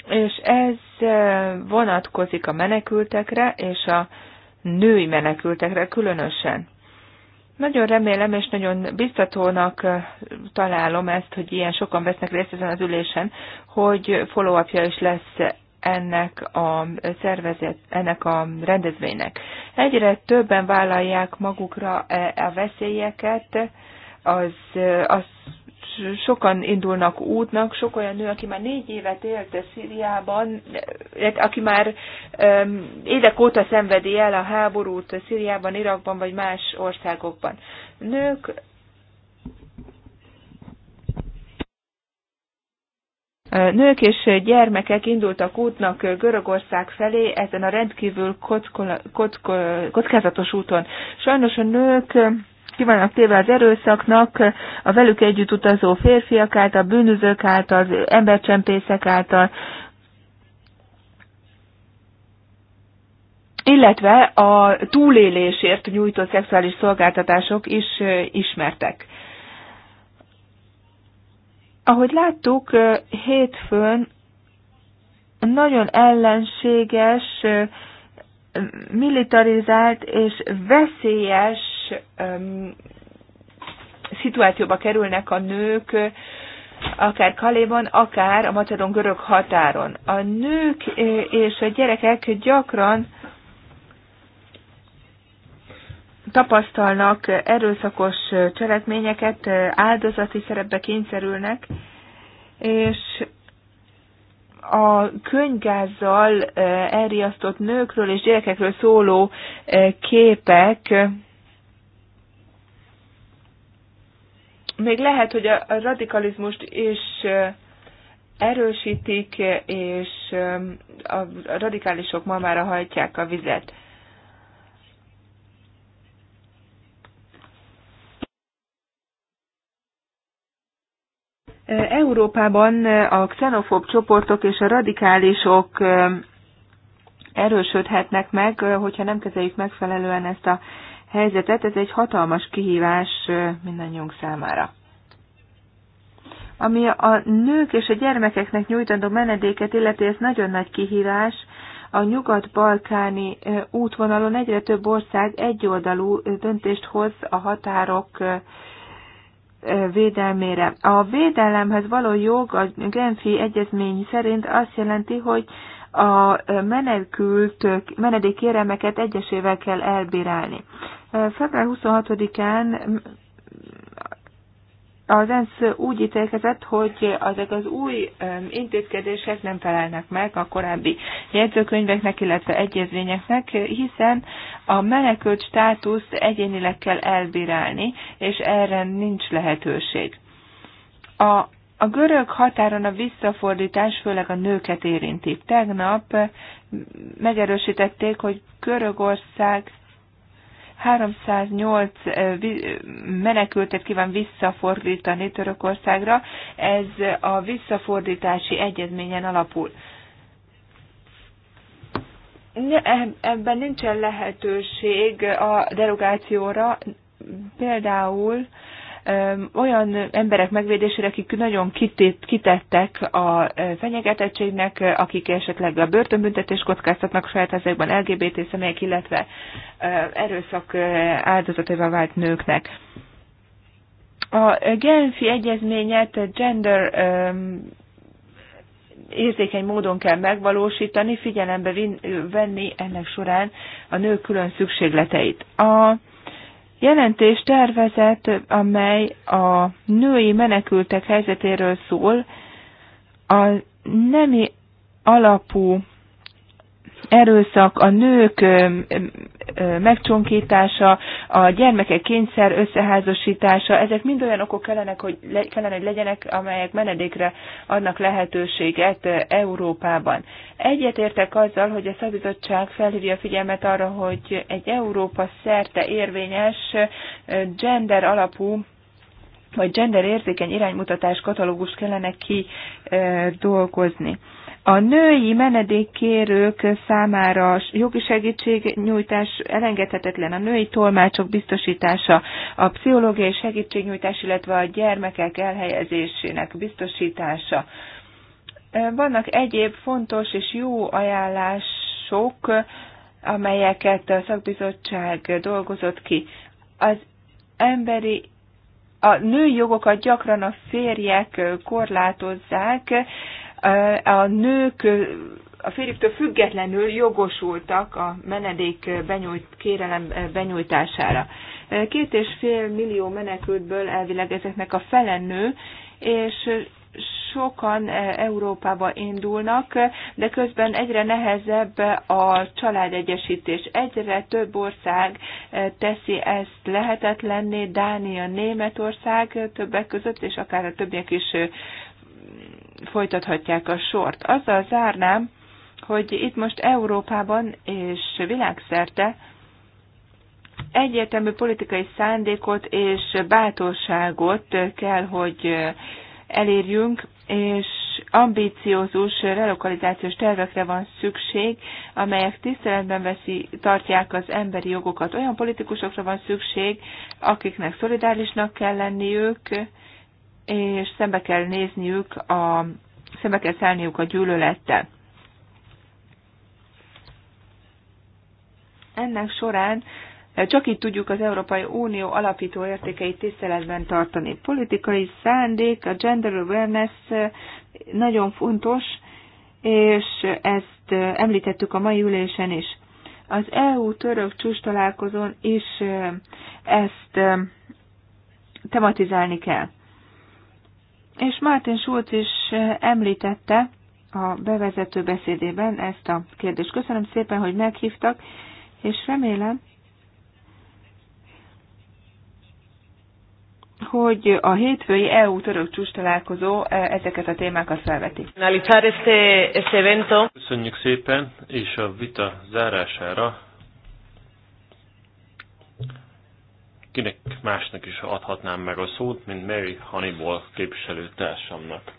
Speaker 4: És ez eh, vonatkozik a menekültekre és a női menekültekre különösen. Nagyon remélem, és nagyon biztatónak találom ezt, hogy ilyen sokan vesznek részt ezen az ülésen, hogy follow is lesz ennek a szervezet, ennek a rendezvénynek. Egyre többen vállalják magukra e, a veszélyeket, az, az sokan indulnak útnak, sok olyan nő, aki már négy évet élt Szíriában, e, aki már évek óta szenvedi el a háborút Szíriában, Irakban vagy más országokban. Nők Nők és gyermekek indultak útnak Görögország felé ezen a rendkívül kockola, kocko, kockázatos úton. Sajnos a nők ki vannak téve az erőszaknak, a velük együtt utazó férfiak által, bűnözők által, embercsempészek által, illetve a túlélésért nyújtott szexuális szolgáltatások is ismertek. Ahogy láttuk, hétfőn nagyon ellenséges, militarizált és veszélyes szituációba kerülnek a nők, akár Kaléban, akár a macedon görög határon. A nők és a gyerekek gyakran tapasztalnak erőszakos cselekményeket, áldozati szerepbe kényszerülnek, és a könygázzal elriasztott nőkről és gyerekekről szóló képek még lehet, hogy a radikalizmust is erősítik, és a radikálisok ma már hajtják a vizet. Európában a xenofób csoportok és a radikálisok erősödhetnek meg, hogyha nem kezeljük megfelelően ezt a helyzetet. Ez egy hatalmas kihívás mindannyiunk számára. Ami a nők és a gyermekeknek nyújtandó menedéket illeti, ez nagyon nagy kihívás. A nyugat-balkáni útvonalon egyre több ország egyoldalú döntést hoz a határok védelmére. A védelemhez való jog a Genfi egyezmény szerint azt jelenti, hogy a menekült menedékéremeket egyesével kell elbírálni. Február 26-án az ENSZ úgy ítélkezett, hogy azok az új intézkedések nem felelnek meg a korábbi jegyzőkönyveknek, illetve egyezményeknek, hiszen a menekült státuszt egyénileg kell elbírálni, és erre nincs lehetőség. A a görög határon a visszafordítás főleg a nőket érinti. Tegnap megerősítették, hogy Görögország 308 menekültet kíván visszafordítani Törökországra. Ez a visszafordítási egyezményen alapul. Ebben nincsen lehetőség a derogációra, például olyan emberek megvédésére, akik nagyon kitét, kitettek a fenyegetettségnek, akik esetleg a börtönbüntetés kockáztatnak saját ezekben LGBT személyek, illetve erőszak áldozataival vált nőknek. A Genfi egyezményet gender érzékeny módon kell megvalósítani, figyelembe venni ennek során a nők külön szükségleteit. A jelentés tervezet, amely a női menekültek helyzetéről szól, a nemi alapú erőszak, a nők megcsonkítása, a gyermekek kényszer összeházasítása, ezek mind olyan okok kellene, hogy, le, kellene, hogy legyenek, amelyek menedékre adnak lehetőséget Európában. Egyetértek azzal, hogy a szabizottság felhívja a figyelmet arra, hogy egy Európa szerte érvényes gender alapú vagy gender érzékeny iránymutatás katalógus kellene ki dolgozni. A női menedékkérők számára jogi segítségnyújtás elengedhetetlen, a női tolmácsok biztosítása, a pszichológiai segítségnyújtás, illetve a gyermekek elhelyezésének biztosítása. Vannak egyéb fontos és jó ajánlások, amelyeket a szakbizottság dolgozott ki. Az emberi a női jogokat gyakran a férjek korlátozzák, a nők a férjüktől függetlenül jogosultak a menedék benyújt, kérelem benyújtására. Két és fél millió menekültből elvileg ezeknek a fele nő, és sokan Európába indulnak, de közben egyre nehezebb a családegyesítés. Egyre több ország teszi ezt lehetetlenné, Dánia, Németország többek között, és akár a többiek is folytathatják a sort. Azzal zárnám, hogy itt most Európában és világszerte egyértelmű politikai szándékot és bátorságot kell, hogy elérjünk, és ambíciózus relokalizációs tervekre van szükség, amelyek tiszteletben veszi, tartják az emberi jogokat. Olyan politikusokra van szükség, akiknek szolidárisnak kell lenniük, ők, és szembe kell nézniük, a, szembe kell szállniuk a gyűlölettel. Ennek során eh, csak így tudjuk az Európai Unió alapító értékeit tiszteletben tartani. Politikai szándék, a gender awareness eh, nagyon fontos, és ezt eh, említettük a mai ülésen is. Az EU-török csúcs találkozón is ezt tematizálni kell. És Martin Schulz is említette a bevezető beszédében ezt a kérdést. Köszönöm szépen, hogy meghívtak, és remélem, hogy a hétfői EU-török csúcs találkozó ezeket a témákat felveti.
Speaker 1: Köszönjük szépen, és a vita zárására kinek másnak is adhatnám meg a szót, mint Mary Hannibal társamnak,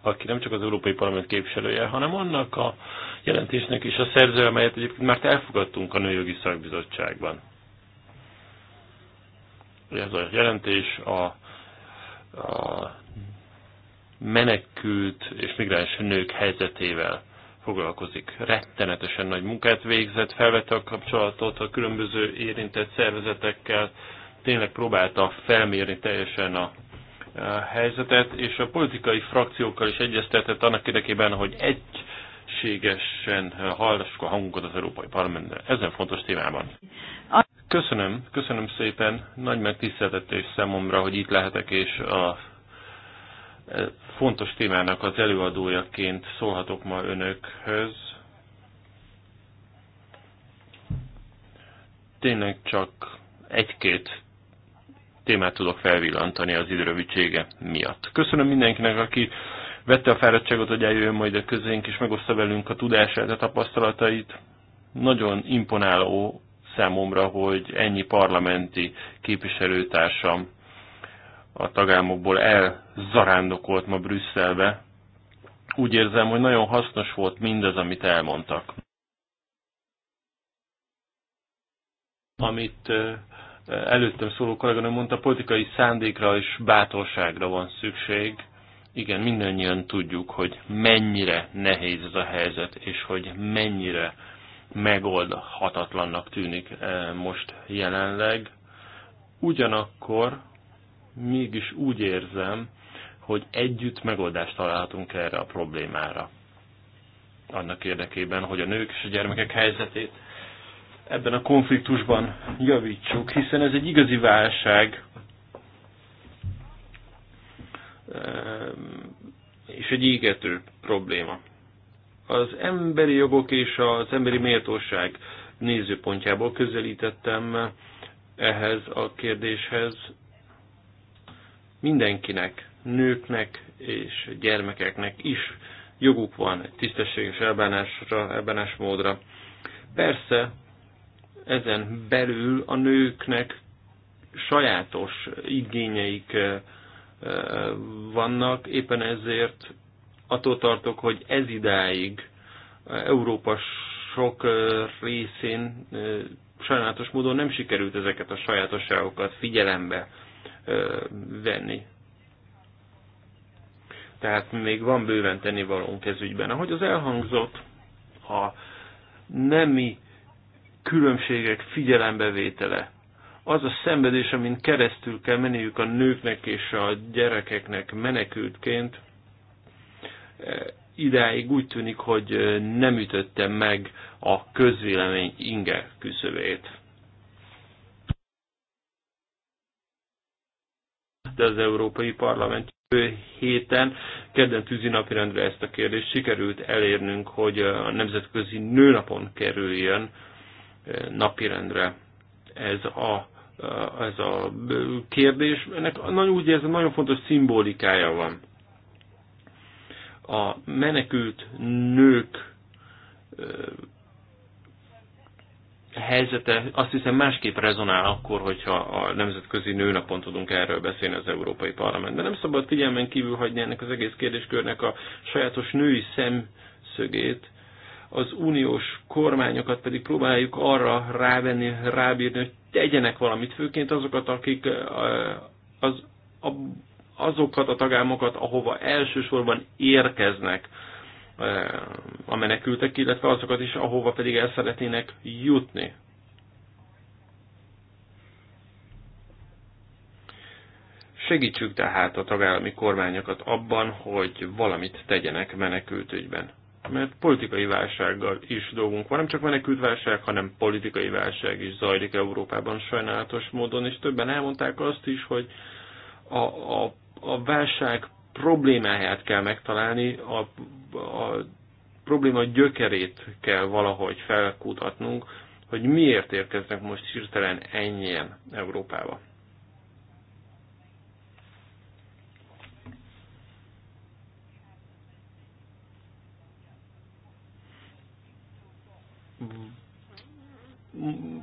Speaker 1: aki nem csak az Európai Parlament képviselője, hanem annak a jelentésnek is a szerzője, amelyet egyébként már elfogadtunk a Nőjogi Szakbizottságban. Ez a jelentés a, a menekült és migráns nők helyzetével foglalkozik. Rettenetesen nagy munkát végzett, felvette a kapcsolatot a különböző érintett szervezetekkel, tényleg próbálta felmérni teljesen a e, helyzetet, és a politikai frakciókkal is egyeztetett annak érdekében, hogy egységesen hallassuk a hangunkat az Európai Parlamentben ezen fontos témában. Köszönöm, köszönöm szépen, nagy megtiszteltetés számomra, hogy itt lehetek, és a fontos témának az előadójaként szólhatok ma önökhöz. Tényleg csak egy-két témát tudok felvillantani az időrövítsége miatt. Köszönöm mindenkinek, aki vette a fáradtságot, hogy eljöjjön majd a közénk, és megoszta velünk a tudását, a tapasztalatait. Nagyon imponáló számomra, hogy ennyi parlamenti képviselőtársam a tagállamokból elzarándokolt ma Brüsszelbe. Úgy érzem, hogy nagyon hasznos volt mindez, amit elmondtak. Amit előttem szóló kolléganő mondta, politikai szándékra és bátorságra van szükség. Igen, mindannyian tudjuk, hogy mennyire nehéz ez a helyzet, és hogy mennyire megoldhatatlannak tűnik most jelenleg. Ugyanakkor mégis úgy érzem, hogy együtt megoldást találhatunk erre a problémára. Annak érdekében, hogy a nők és a gyermekek helyzetét ebben a konfliktusban javítsuk, hiszen ez egy igazi válság, ehm, és egy égető probléma. Az emberi jogok és az emberi méltóság nézőpontjából közelítettem ehhez a kérdéshez, mindenkinek, nőknek és gyermekeknek is joguk van egy tisztességes elbánásra, elbánásmódra. Persze ezen belül a nőknek sajátos igényeik vannak, éppen ezért attól tartok, hogy ez idáig Európa sok részén sajnálatos módon nem sikerült ezeket a sajátosságokat figyelembe venni. Tehát még van bőven tennivalónk ez ügyben. Ahogy az elhangzott, a nemi különbségek figyelembevétele, az a szenvedés, amin keresztül kell menniük a nőknek és a gyerekeknek menekültként, idáig úgy tűnik, hogy nem ütötte meg a közvélemény inge küszövét. de az Európai Parlament héten kedden tűzi napirendre ezt a kérdést sikerült elérnünk, hogy a nemzetközi nőnapon kerüljön eh, napirendre ez a, eh, ez a eh, kérdés. Ennek nagyon, úgy ez nagyon fontos szimbolikája van. A menekült nők helyzete azt hiszem másképp rezonál akkor, hogyha a nemzetközi nőnapon tudunk erről beszélni az Európai Parlamentben. Nem szabad figyelmen kívül hagyni ennek az egész kérdéskörnek a sajátos női szemszögét, az uniós kormányokat pedig próbáljuk arra rávenni, rábírni, hogy tegyenek valamit, főként azokat, akik eh, az, azokat a tagállamokat, ahova elsősorban érkeznek a menekültek, illetve azokat is, ahova pedig el szeretnének jutni. Segítsük tehát a tagállami kormányokat abban, hogy valamit tegyenek menekültügyben. Mert politikai válsággal is dolgunk van, nem csak menekült válság, hanem politikai válság is zajlik Európában sajnálatos módon, és többen elmondták azt is, hogy a, a, a válság problémáját kell megtalálni, a, a probléma gyökerét kell valahogy felkutatnunk, hogy miért érkeznek most hirtelen ennyien Európába.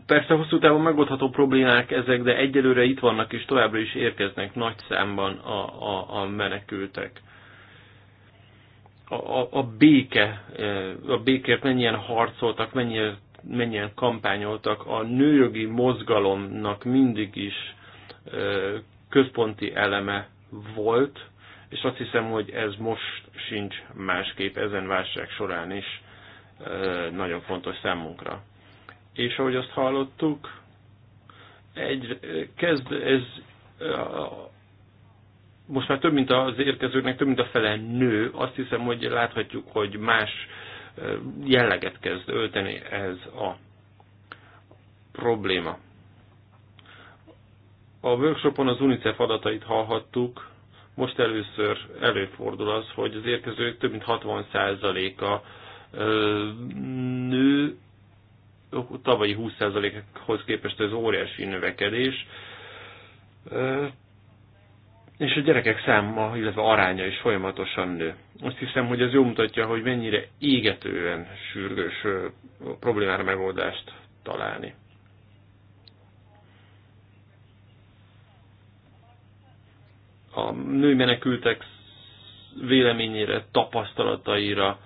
Speaker 1: Persze hosszú távon megoldható problémák ezek, de egyelőre itt vannak és továbbra is érkeznek nagy számban a, a, a menekültek. A, a, a béke, e, a békért mennyien harcoltak, mennyien, mennyien kampányoltak. A nőjogi mozgalomnak mindig is e, központi eleme volt, és azt hiszem, hogy ez most sincs másképp ezen válság során is e, nagyon fontos számunkra és ahogy azt hallottuk, egy, kezd ez most már több mint az érkezőknek, több mint a fele nő, azt hiszem, hogy láthatjuk, hogy más jelleget kezd ölteni ez a probléma. A workshopon az UNICEF adatait hallhattuk, most először előfordul az, hogy az érkezők több mint 60%-a nő, tavalyi 20%-hoz képest ez óriási növekedés, és a gyerekek száma, illetve aránya is folyamatosan nő. Azt hiszem, hogy ez jól mutatja, hogy mennyire égetően sürgős problémára megoldást találni. A női menekültek véleményére, tapasztalataira,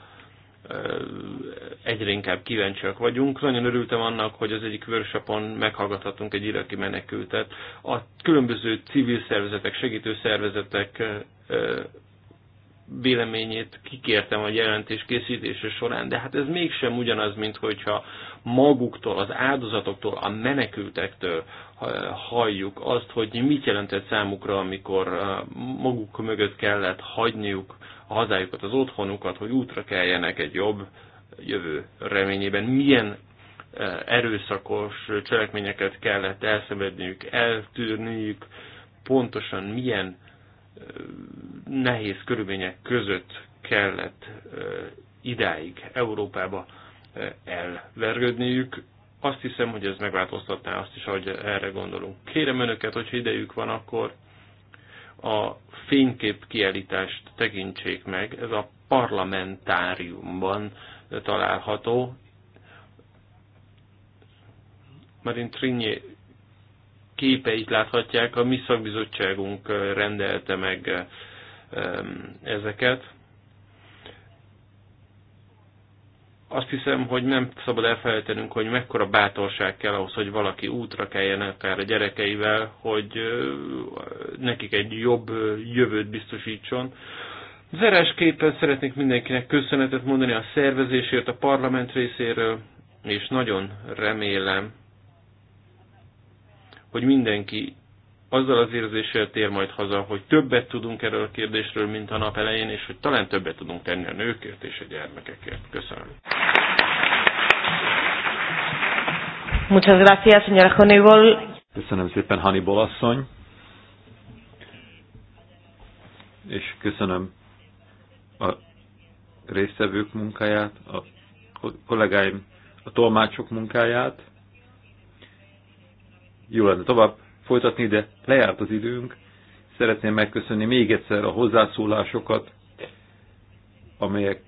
Speaker 1: egyre inkább kíváncsiak vagyunk. Nagyon örültem annak, hogy az egyik workshopon meghallgathatunk egy iraki menekültet. A különböző civil szervezetek, segítő szervezetek véleményét kikértem a jelentés készítése során, de hát ez mégsem ugyanaz, mint hogyha maguktól, az áldozatoktól, a menekültektől halljuk azt, hogy mit jelentett számukra, amikor maguk mögött kellett hagyniuk a hazájukat, az otthonukat, hogy útra keljenek egy jobb jövő reményében. Milyen e, erőszakos cselekményeket kellett elszenvedniük, eltűrniük, pontosan milyen e, nehéz körülmények között kellett e, idáig Európába elvergődniük. Azt hiszem, hogy ez megváltoztatná azt is, ahogy erre gondolunk. Kérem önöket, hogyha idejük van, akkor a fénykép kiállítást tekintsék meg, ez a parlamentáriumban található. Marin Trinje képeit láthatják, a mi szakbizottságunk rendelte meg ezeket. azt hiszem, hogy nem szabad elfelejtenünk, hogy mekkora bátorság kell ahhoz, hogy valaki útra kelljen akár a gyerekeivel, hogy nekik egy jobb jövőt biztosítson. Zárásképpen szeretnék mindenkinek köszönetet mondani a szervezésért, a parlament részéről, és nagyon remélem, hogy mindenki azzal az érzéssel tér majd haza, hogy többet tudunk erről a kérdésről, mint a nap elején, és hogy talán többet tudunk tenni a nőkért és a gyermekekért. Köszönöm.
Speaker 3: Muchas gracias, señora Honeyball.
Speaker 2: Köszönöm szépen, Hannibal asszony. És köszönöm a résztvevők munkáját, a kollégáim, a tolmácsok munkáját. Jó lenne tovább folytatni, de lejárt az időnk. Szeretném megköszönni még egyszer a hozzászólásokat, amelyek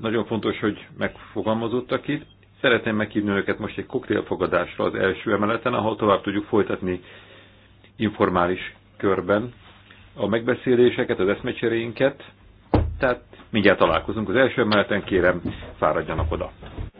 Speaker 2: nagyon fontos, hogy megfogalmazottak itt. Szeretném meghívni őket most egy koktélfogadásra az első emeleten, ahol tovább tudjuk folytatni informális körben a megbeszéléseket, az eszmecseréinket. Tehát mindjárt találkozunk az első emeleten, kérem, fáradjanak oda.